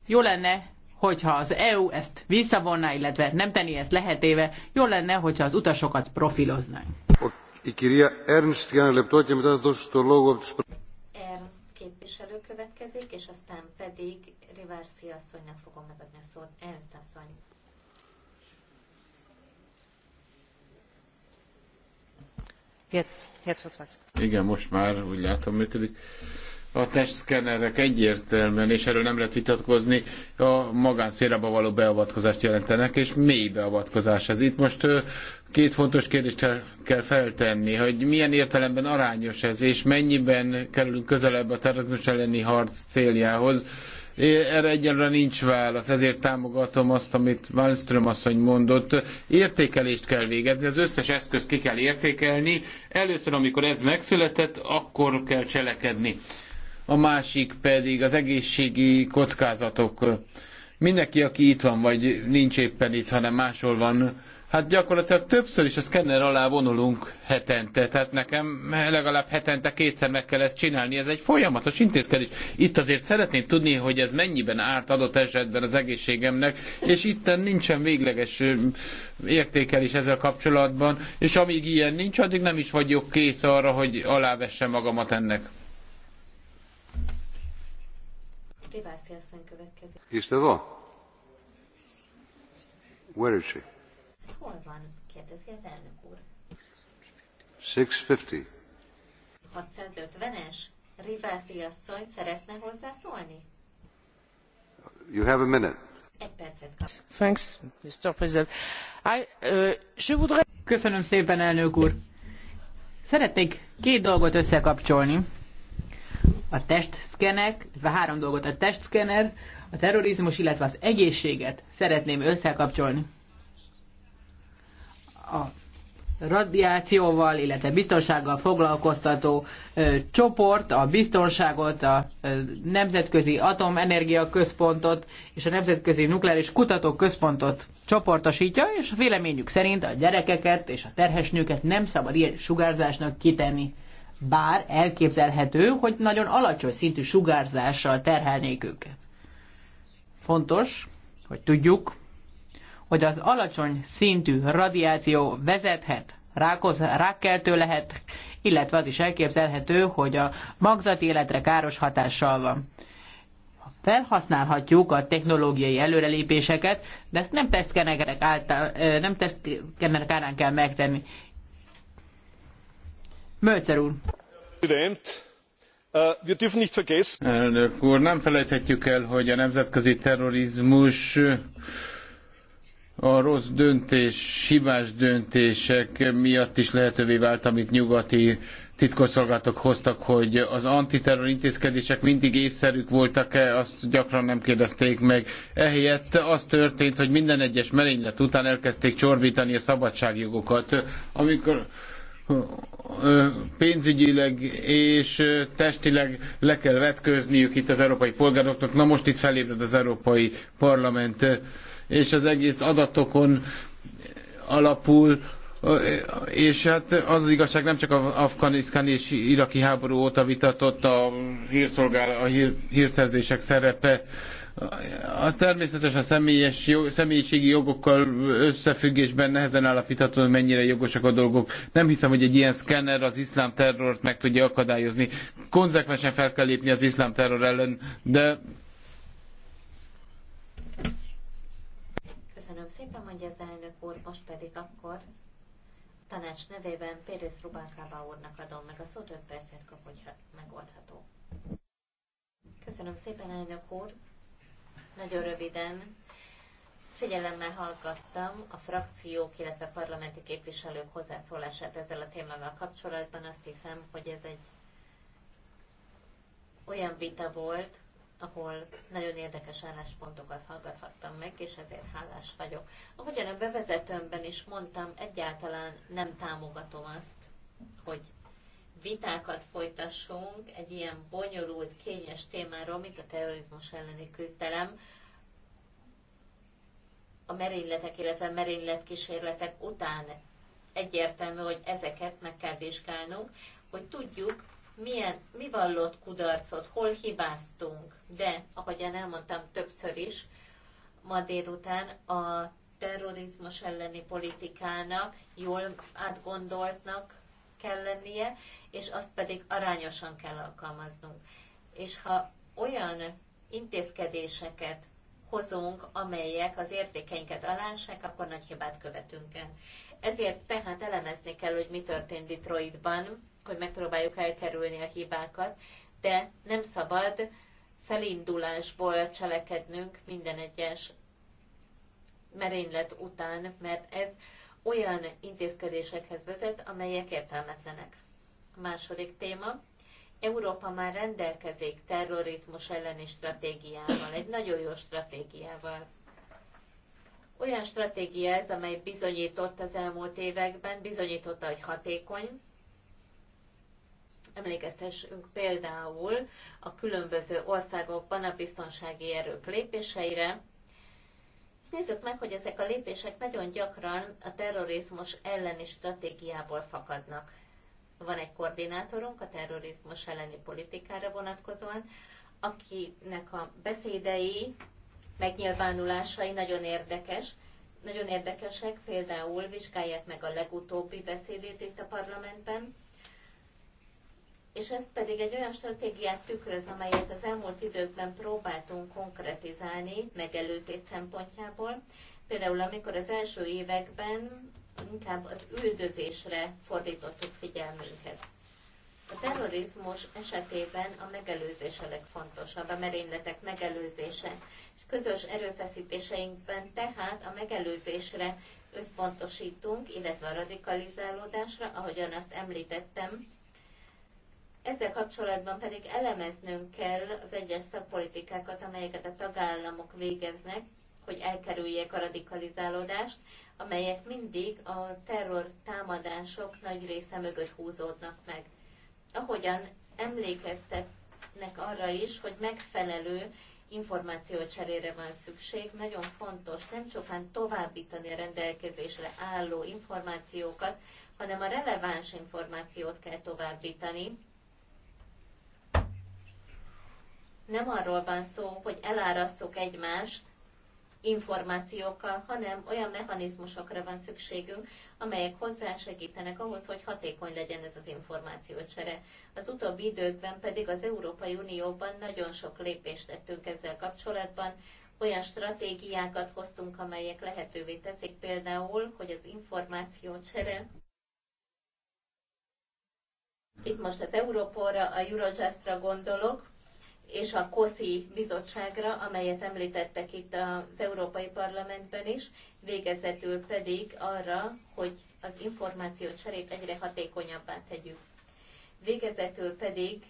jó lenne, hogyha az EU ezt visszavonná, illetve nem tenni ezt lehetéve, jó lenne, hogyha az utasokat profiloznánk. Η κυρία Ernst για ένα λεπτό και μετά θα δώσω το λόγο Ernst képviselő következik, és aztán pedig Rivárszi asszonynak fogom megadni a szót. Ernst asszony. Jetzt, jetzt was was. Igen, most már úgy látom működik a testszkennerek egyértelműen, és erről nem lehet vitatkozni, a magánszférába való beavatkozást jelentenek, és mély beavatkozás ez. Itt most két fontos kérdést kell feltenni, hogy milyen értelemben arányos ez, és mennyiben kerülünk közelebb a terrorizmus elleni harc céljához. Erre egyenlően nincs válasz, ezért támogatom azt, amit Wallström asszony mondott. Értékelést kell végezni, az összes eszközt ki kell értékelni. Először, amikor ez megszületett, akkor kell cselekedni a másik pedig az egészségi kockázatok. Mindenki, aki itt van, vagy nincs éppen itt, hanem máshol van, hát gyakorlatilag többször is a szkenner alá vonulunk hetente, tehát nekem legalább hetente kétszer meg kell ezt csinálni, ez egy folyamatos intézkedés. Itt azért szeretném tudni, hogy ez mennyiben árt adott esetben az egészségemnek, és itt nincsen végleges értékelés ezzel kapcsolatban, és amíg ilyen nincs, addig nem is vagyok kész arra, hogy alávessem magamat ennek következik. Isten van? Where is she? Hol van? Kérdezi az elnök úr. 650. 650-es? Rivászi asszony szeretne hozzászólni? You have a minute. Thanks, Mr. President. I, uh, je voudrais... Köszönöm szépen, elnök úr. Szeretnék két dolgot összekapcsolni a testszkenek, három dolgot, a testszkener, a terrorizmus, illetve az egészséget szeretném összekapcsolni. A radiációval, illetve biztonsággal foglalkoztató ö, csoport, a biztonságot, a ö, Nemzetközi Atomenergia Központot és a Nemzetközi Nukleáris központot csoportosítja, és véleményük szerint a gyerekeket és a terhes nőket nem szabad ilyen sugárzásnak kitenni bár elképzelhető, hogy nagyon alacsony szintű sugárzással terhelnék őket. Fontos, hogy tudjuk, hogy az alacsony szintű radiáció vezethet, rákoz, rákkeltő lehet, illetve az is elképzelhető, hogy a magzati életre káros hatással van. Felhasználhatjuk a technológiai előrelépéseket, de ezt nem tesztkenerek, által, nem tesztkenerek árán kell megtenni. Uh, Elnök úr, nem felejthetjük el, hogy a nemzetközi terrorizmus a rossz döntés, hibás döntések miatt is lehetővé vált, amit nyugati titkosszolgálatok hoztak, hogy az antiterror intézkedések mindig észszerűk voltak-e, azt gyakran nem kérdezték meg. Ehelyett az történt, hogy minden egyes merénylet után elkezdték csorbítani a szabadságjogokat. Amikor pénzügyileg és testileg le kell vetközniük itt az európai polgároknak. Na most itt felébred az Európai Parlament, és az egész adatokon alapul, és hát az igazság nem csak az afganisztáni és iraki háború óta vitatott a, hírszolgál, a hír, hírszerzések szerepe, a természetes a személyes személyiségi jogokkal összefüggésben nehezen állapítható, hogy mennyire jogosak a dolgok. Nem hiszem, hogy egy ilyen szkenner az iszlám terrort meg tudja akadályozni. Konzekvensen fel kell lépni az iszlám terror ellen, de... Köszönöm szépen, mondja az elnök úr, most pedig akkor a tanács nevében Pérez Rubákába úrnak adom meg a szót, 5 percet kap, hogyha megoldható. Köszönöm szépen, elnök úr. Nagyon röviden figyelemmel hallgattam a frakciók, illetve parlamenti képviselők hozzászólását ezzel a témával kapcsolatban. Azt hiszem, hogy ez egy olyan vita volt, ahol nagyon érdekes álláspontokat hallgathattam meg, és ezért hálás vagyok. Ahogyan a bevezetőmben is mondtam, egyáltalán nem támogatom azt, hogy vitákat folytassunk egy ilyen bonyolult, kényes témáról, mint a terrorizmus elleni küzdelem, a merényletek, illetve merényletkísérletek után egyértelmű, hogy ezeket meg kell vizsgálnunk, hogy tudjuk, milyen, mi vallott kudarcot, hol hibáztunk. De, ahogyan elmondtam többször is, ma délután a terrorizmus elleni politikának jól átgondoltnak, kell lennie, és azt pedig arányosan kell alkalmaznunk. És ha olyan intézkedéseket hozunk, amelyek az értékeinket alássák, akkor nagy hibát követünk el. Ezért tehát elemezni kell, hogy mi történt Detroitban, hogy megpróbáljuk elkerülni a hibákat, de nem szabad felindulásból cselekednünk minden egyes merénylet után, mert ez olyan intézkedésekhez vezet, amelyek értelmetlenek. A második téma. Európa már rendelkezik terrorizmus elleni stratégiával, egy nagyon jó stratégiával. Olyan stratégia ez, amely bizonyított az elmúlt években, bizonyította, hogy hatékony. Emlékeztessünk például a különböző országokban a biztonsági erők lépéseire, Nézzük meg, hogy ezek a lépések nagyon gyakran a terrorizmus elleni stratégiából fakadnak. Van egy koordinátorunk a terrorizmus elleni politikára vonatkozóan, akinek a beszédei, megnyilvánulásai nagyon érdekes, nagyon érdekesek, például vizsgálják meg a legutóbbi beszédét itt a parlamentben, és ez pedig egy olyan stratégiát tükröz, amelyet az elmúlt időkben próbáltunk konkretizálni megelőzés szempontjából. Például amikor az első években inkább az üldözésre fordítottuk figyelmünket. A terrorizmus esetében a megelőzés a legfontosabb, a merényletek megelőzése. És közös erőfeszítéseinkben tehát a megelőzésre összpontosítunk, illetve a radikalizálódásra, ahogyan azt említettem, ezzel kapcsolatban pedig elemeznünk kell az egyes szakpolitikákat, amelyeket a tagállamok végeznek, hogy elkerüljék a radikalizálódást, amelyek mindig a terror támadások nagy része mögött húzódnak meg. Ahogyan emlékeztetnek arra is, hogy megfelelő információcserére van szükség, nagyon fontos nem csupán továbbítani a rendelkezésre álló információkat, hanem a releváns információt kell továbbítani, nem arról van szó, hogy elárasszuk egymást információkkal, hanem olyan mechanizmusokra van szükségünk, amelyek hozzásegítenek ahhoz, hogy hatékony legyen ez az információcsere. Az utóbbi időkben pedig az Európai Unióban nagyon sok lépést tettünk ezzel kapcsolatban, olyan stratégiákat hoztunk, amelyek lehetővé teszik például, hogy az információcsere itt most az Európóra, a Eurojustra gondolok, és a COSI bizottságra, amelyet említettek itt az Európai Parlamentben is, végezetül pedig arra, hogy az információ cserét egyre hatékonyabbá tegyük. Végezetül pedig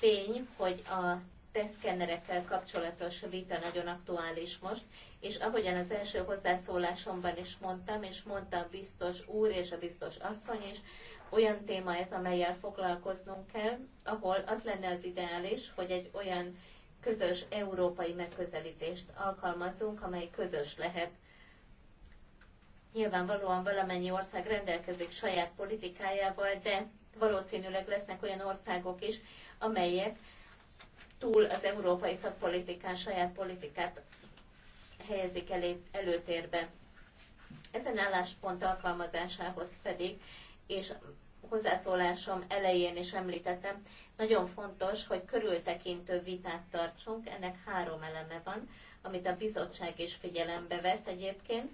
tény, hogy a tesztkennerekkel kapcsolatos vita nagyon aktuális most, és ahogyan az első hozzászólásomban is mondtam, és mondta a biztos úr és a biztos asszony is, olyan téma ez, amelyel foglalkoznunk kell, ahol az lenne az ideális, hogy egy olyan közös európai megközelítést alkalmazunk, amely közös lehet. Nyilvánvalóan valamennyi ország rendelkezik saját politikájával, de valószínűleg lesznek olyan országok is, amelyek túl az európai szakpolitikán saját politikát helyezik elé, előtérbe. Ezen álláspont alkalmazásához pedig és hozzászólásom elején is említettem, nagyon fontos, hogy körültekintő vitát tartsunk. Ennek három eleme van, amit a bizottság is figyelembe vesz egyébként,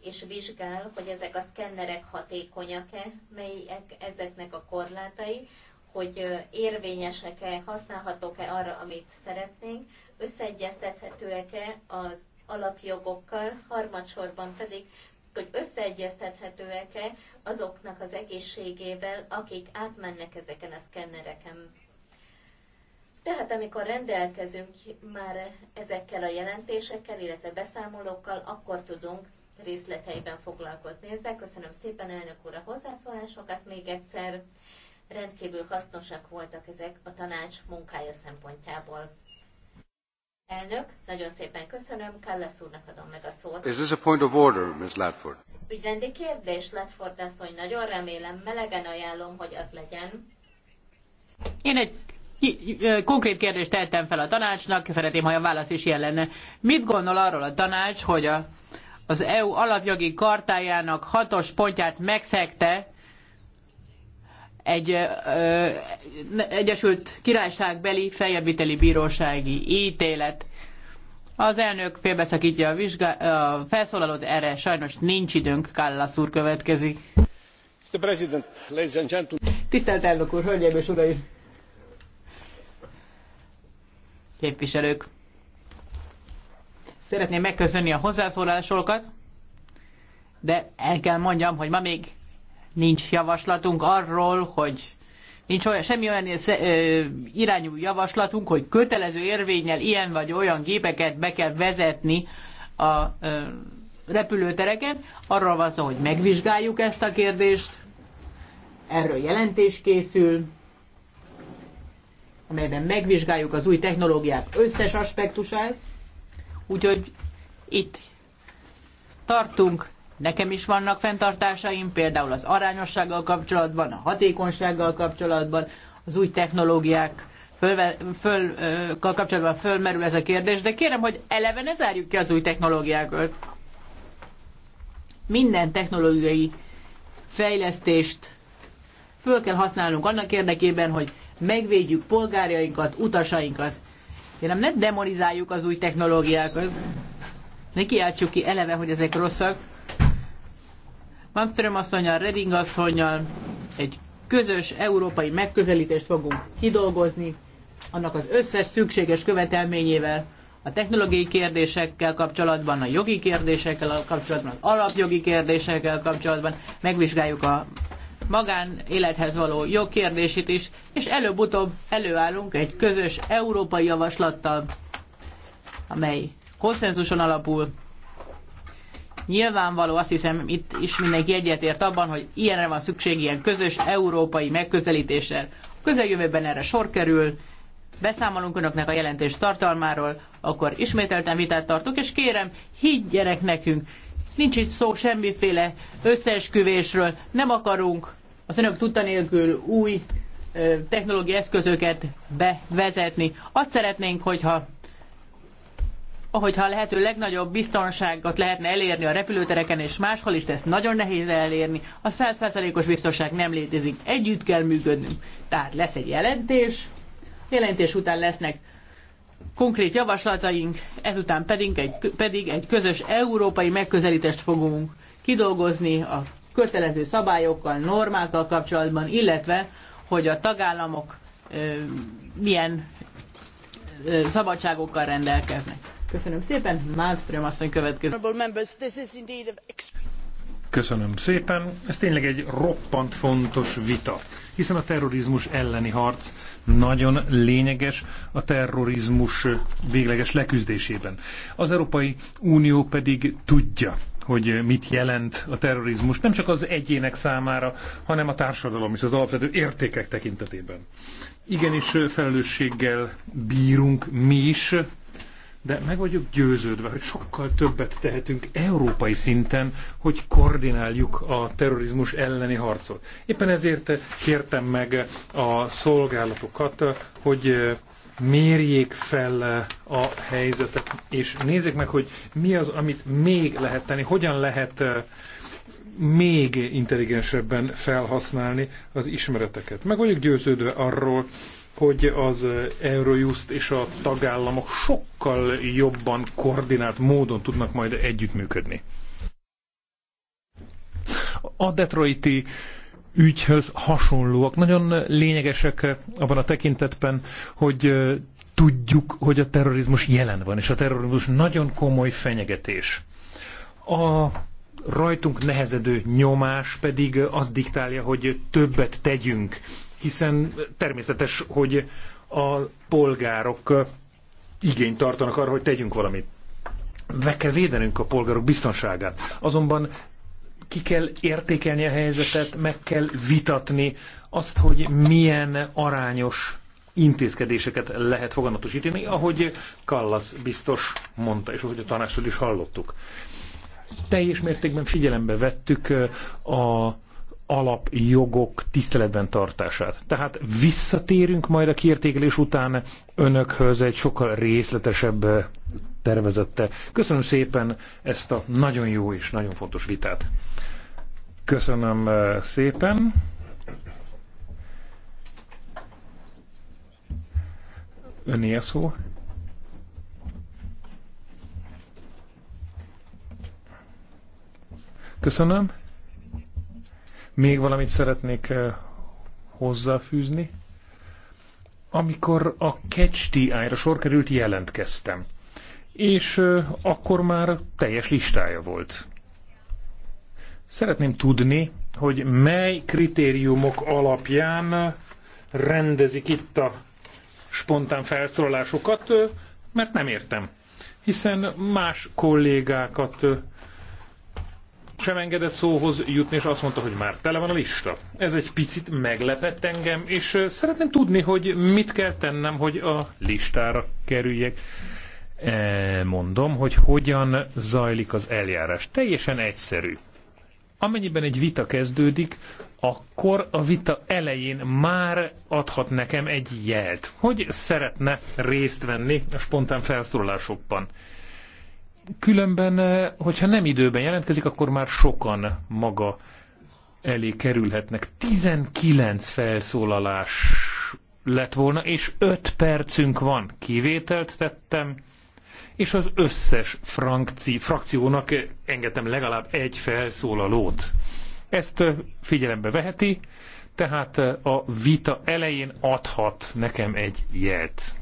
és vizsgál, hogy ezek a szkennerek hatékonyak-e, melyek ezeknek a korlátai, hogy érvényesek-e, használhatók-e arra, amit szeretnénk, összeegyeztethetőek-e az alapjogokkal, harmadsorban pedig hogy összeegyeztethetőek-e azoknak az egészségével, akik átmennek ezeken a szkennereken. Tehát amikor rendelkezünk már ezekkel a jelentésekkel, illetve beszámolókkal, akkor tudunk részleteiben foglalkozni ezzel. Köszönöm szépen elnök úr a hozzászólásokat még egyszer. Rendkívül hasznosak voltak ezek a tanács munkája szempontjából. Elnök, nagyon szépen köszönöm, Kallas úrnak adom meg a szót. Is this a point of order, Ms. Latford? Ügyrendi kérdés, Latford asszony, nagyon remélem, melegen ajánlom, hogy az legyen. Én egy konkrét kérdést tettem fel a tanácsnak, szeretném, ha a válasz is ilyen lenne. Mit gondol arról a tanács, hogy a, az EU alapjogi kartájának hatos pontját megszegte egy ö, Egyesült Királyságbeli feljebbviteli bírósági ítélet. Az elnök félbeszakítja a, vizsga a felszólalót, erre sajnos nincs időnk, Kállász úr következik. Mr. President, ladies and gentlemen. Tisztelt elnök úr, hölgyeim és uraim! Képviselők! Szeretném megköszönni a hozzászólásokat, de el kell mondjam, hogy ma még nincs javaslatunk arról, hogy nincs olyan, semmi olyan irányú javaslatunk, hogy kötelező érvényel ilyen vagy olyan gépeket be kell vezetni a repülőtereken. Arról van szó, hogy megvizsgáljuk ezt a kérdést, erről jelentés készül, amelyben megvizsgáljuk az új technológiák összes aspektusát, úgyhogy itt tartunk Nekem is vannak fenntartásaim, például az arányossággal kapcsolatban, a hatékonysággal kapcsolatban, az új technológiák föl, föl, kapcsolatban fölmerül ez a kérdés, de kérem, hogy eleve ne zárjuk ki az új technológiákat. Minden technológiai fejlesztést föl kell használnunk annak érdekében, hogy megvédjük polgárjainkat, utasainkat. Kérem, ne demonizáljuk az új technológiákat. Ne kiáltsuk ki eleve, hogy ezek rosszak. Malmström asszonyal, Reding asszonyal egy közös európai megközelítést fogunk kidolgozni, annak az összes szükséges követelményével, a technológiai kérdésekkel kapcsolatban, a jogi kérdésekkel kapcsolatban, az alapjogi kérdésekkel kapcsolatban, megvizsgáljuk a magán élethez való jogkérdését is, és előbb-utóbb előállunk egy közös európai javaslattal, amely konszenzuson alapul, Nyilvánvaló, azt hiszem itt is mindenki egyetért abban, hogy ilyenre van szükség, ilyen közös európai megközelítéssel. Közeljövőben erre sor kerül, beszámolunk önöknek a jelentés tartalmáról, akkor ismételten vitát tartok, és kérem, higgyenek nekünk, nincs itt szó semmiféle összeesküvésről, nem akarunk az önök tudta nélkül új technológiai eszközöket bevezetni. Azt szeretnénk, hogyha hogyha lehető legnagyobb biztonságot lehetne elérni a repülőtereken és máshol is, de ezt nagyon nehéz elérni. A 100%-os biztonság nem létezik. Együtt kell működnünk. Tehát lesz egy jelentés, a jelentés után lesznek konkrét javaslataink, ezután pedig egy, pedig egy közös európai megközelítést fogunk kidolgozni a kötelező szabályokkal, normákkal kapcsolatban, illetve, hogy a tagállamok ö, milyen ö, szabadságokkal rendelkeznek. Köszönöm szépen, Malmström asszony következő. Köszönöm szépen. Ez tényleg egy roppant fontos vita, hiszen a terrorizmus elleni harc nagyon lényeges a terrorizmus végleges leküzdésében. Az Európai Unió pedig tudja, hogy mit jelent a terrorizmus, nem csak az egyének számára, hanem a társadalom és az alapvető értékek tekintetében. Igenis felelősséggel bírunk mi is, de meg vagyok győződve, hogy sokkal többet tehetünk európai szinten, hogy koordináljuk a terrorizmus elleni harcot. Éppen ezért kértem meg a szolgálatokat, hogy eh, mérjék fel eh, a helyzetet, és nézzék meg, hogy mi az, amit még lehet tenni, hogyan lehet eh, még intelligensebben felhasználni az ismereteket. Meg vagyok győződve arról, hogy az Eurojust és a tagállamok sokkal jobban koordinált módon tudnak majd együttműködni. A detroiti ügyhöz hasonlóak. Nagyon lényegesek abban a tekintetben, hogy tudjuk, hogy a terrorizmus jelen van, és a terrorizmus nagyon komoly fenyegetés. A rajtunk nehezedő nyomás pedig azt diktálja, hogy többet tegyünk hiszen természetes, hogy a polgárok igényt tartanak arra, hogy tegyünk valamit. Meg kell védenünk a polgárok biztonságát. Azonban ki kell értékelni a helyzetet, meg kell vitatni azt, hogy milyen arányos intézkedéseket lehet foganatosítani, ahogy Kallas biztos mondta, és ahogy a tanácsod is hallottuk. Teljes mértékben figyelembe vettük a alapjogok tiszteletben tartását. Tehát visszatérünk majd a kiértékelés után önökhöz egy sokkal részletesebb tervezettel. Köszönöm szépen ezt a nagyon jó és nagyon fontos vitát. Köszönöm eh, szépen. Öné a szó. Köszönöm. Még valamit szeretnék eh, hozzáfűzni. Amikor a Catch TI-ra sor került, jelentkeztem. És eh, akkor már teljes listája volt. Szeretném tudni, hogy mely kritériumok alapján rendezik itt a spontán felszólalásokat, eh, mert nem értem. Hiszen más kollégákat sem engedett szóhoz jutni, és azt mondta, hogy már tele van a lista. Ez egy picit meglepett engem, és szeretném tudni, hogy mit kell tennem, hogy a listára kerüljek. E, mondom, hogy hogyan zajlik az eljárás. Teljesen egyszerű. Amennyiben egy vita kezdődik, akkor a vita elején már adhat nekem egy jelt, hogy szeretne részt venni a spontán felszólalásokban. Különben, eh, hogyha nem időben jelentkezik, akkor már sokan maga elé kerülhetnek. 19 felszólalás lett volna, és 5 percünk van. Kivételt tettem, és az összes frankci, frakciónak engedtem legalább egy felszólalót. Ezt eh, figyelembe veheti, tehát eh, a vita elején adhat nekem egy jelt.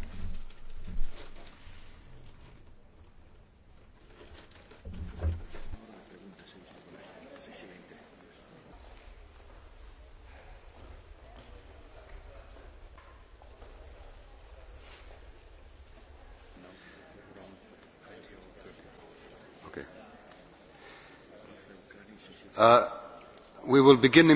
Uh, we will begin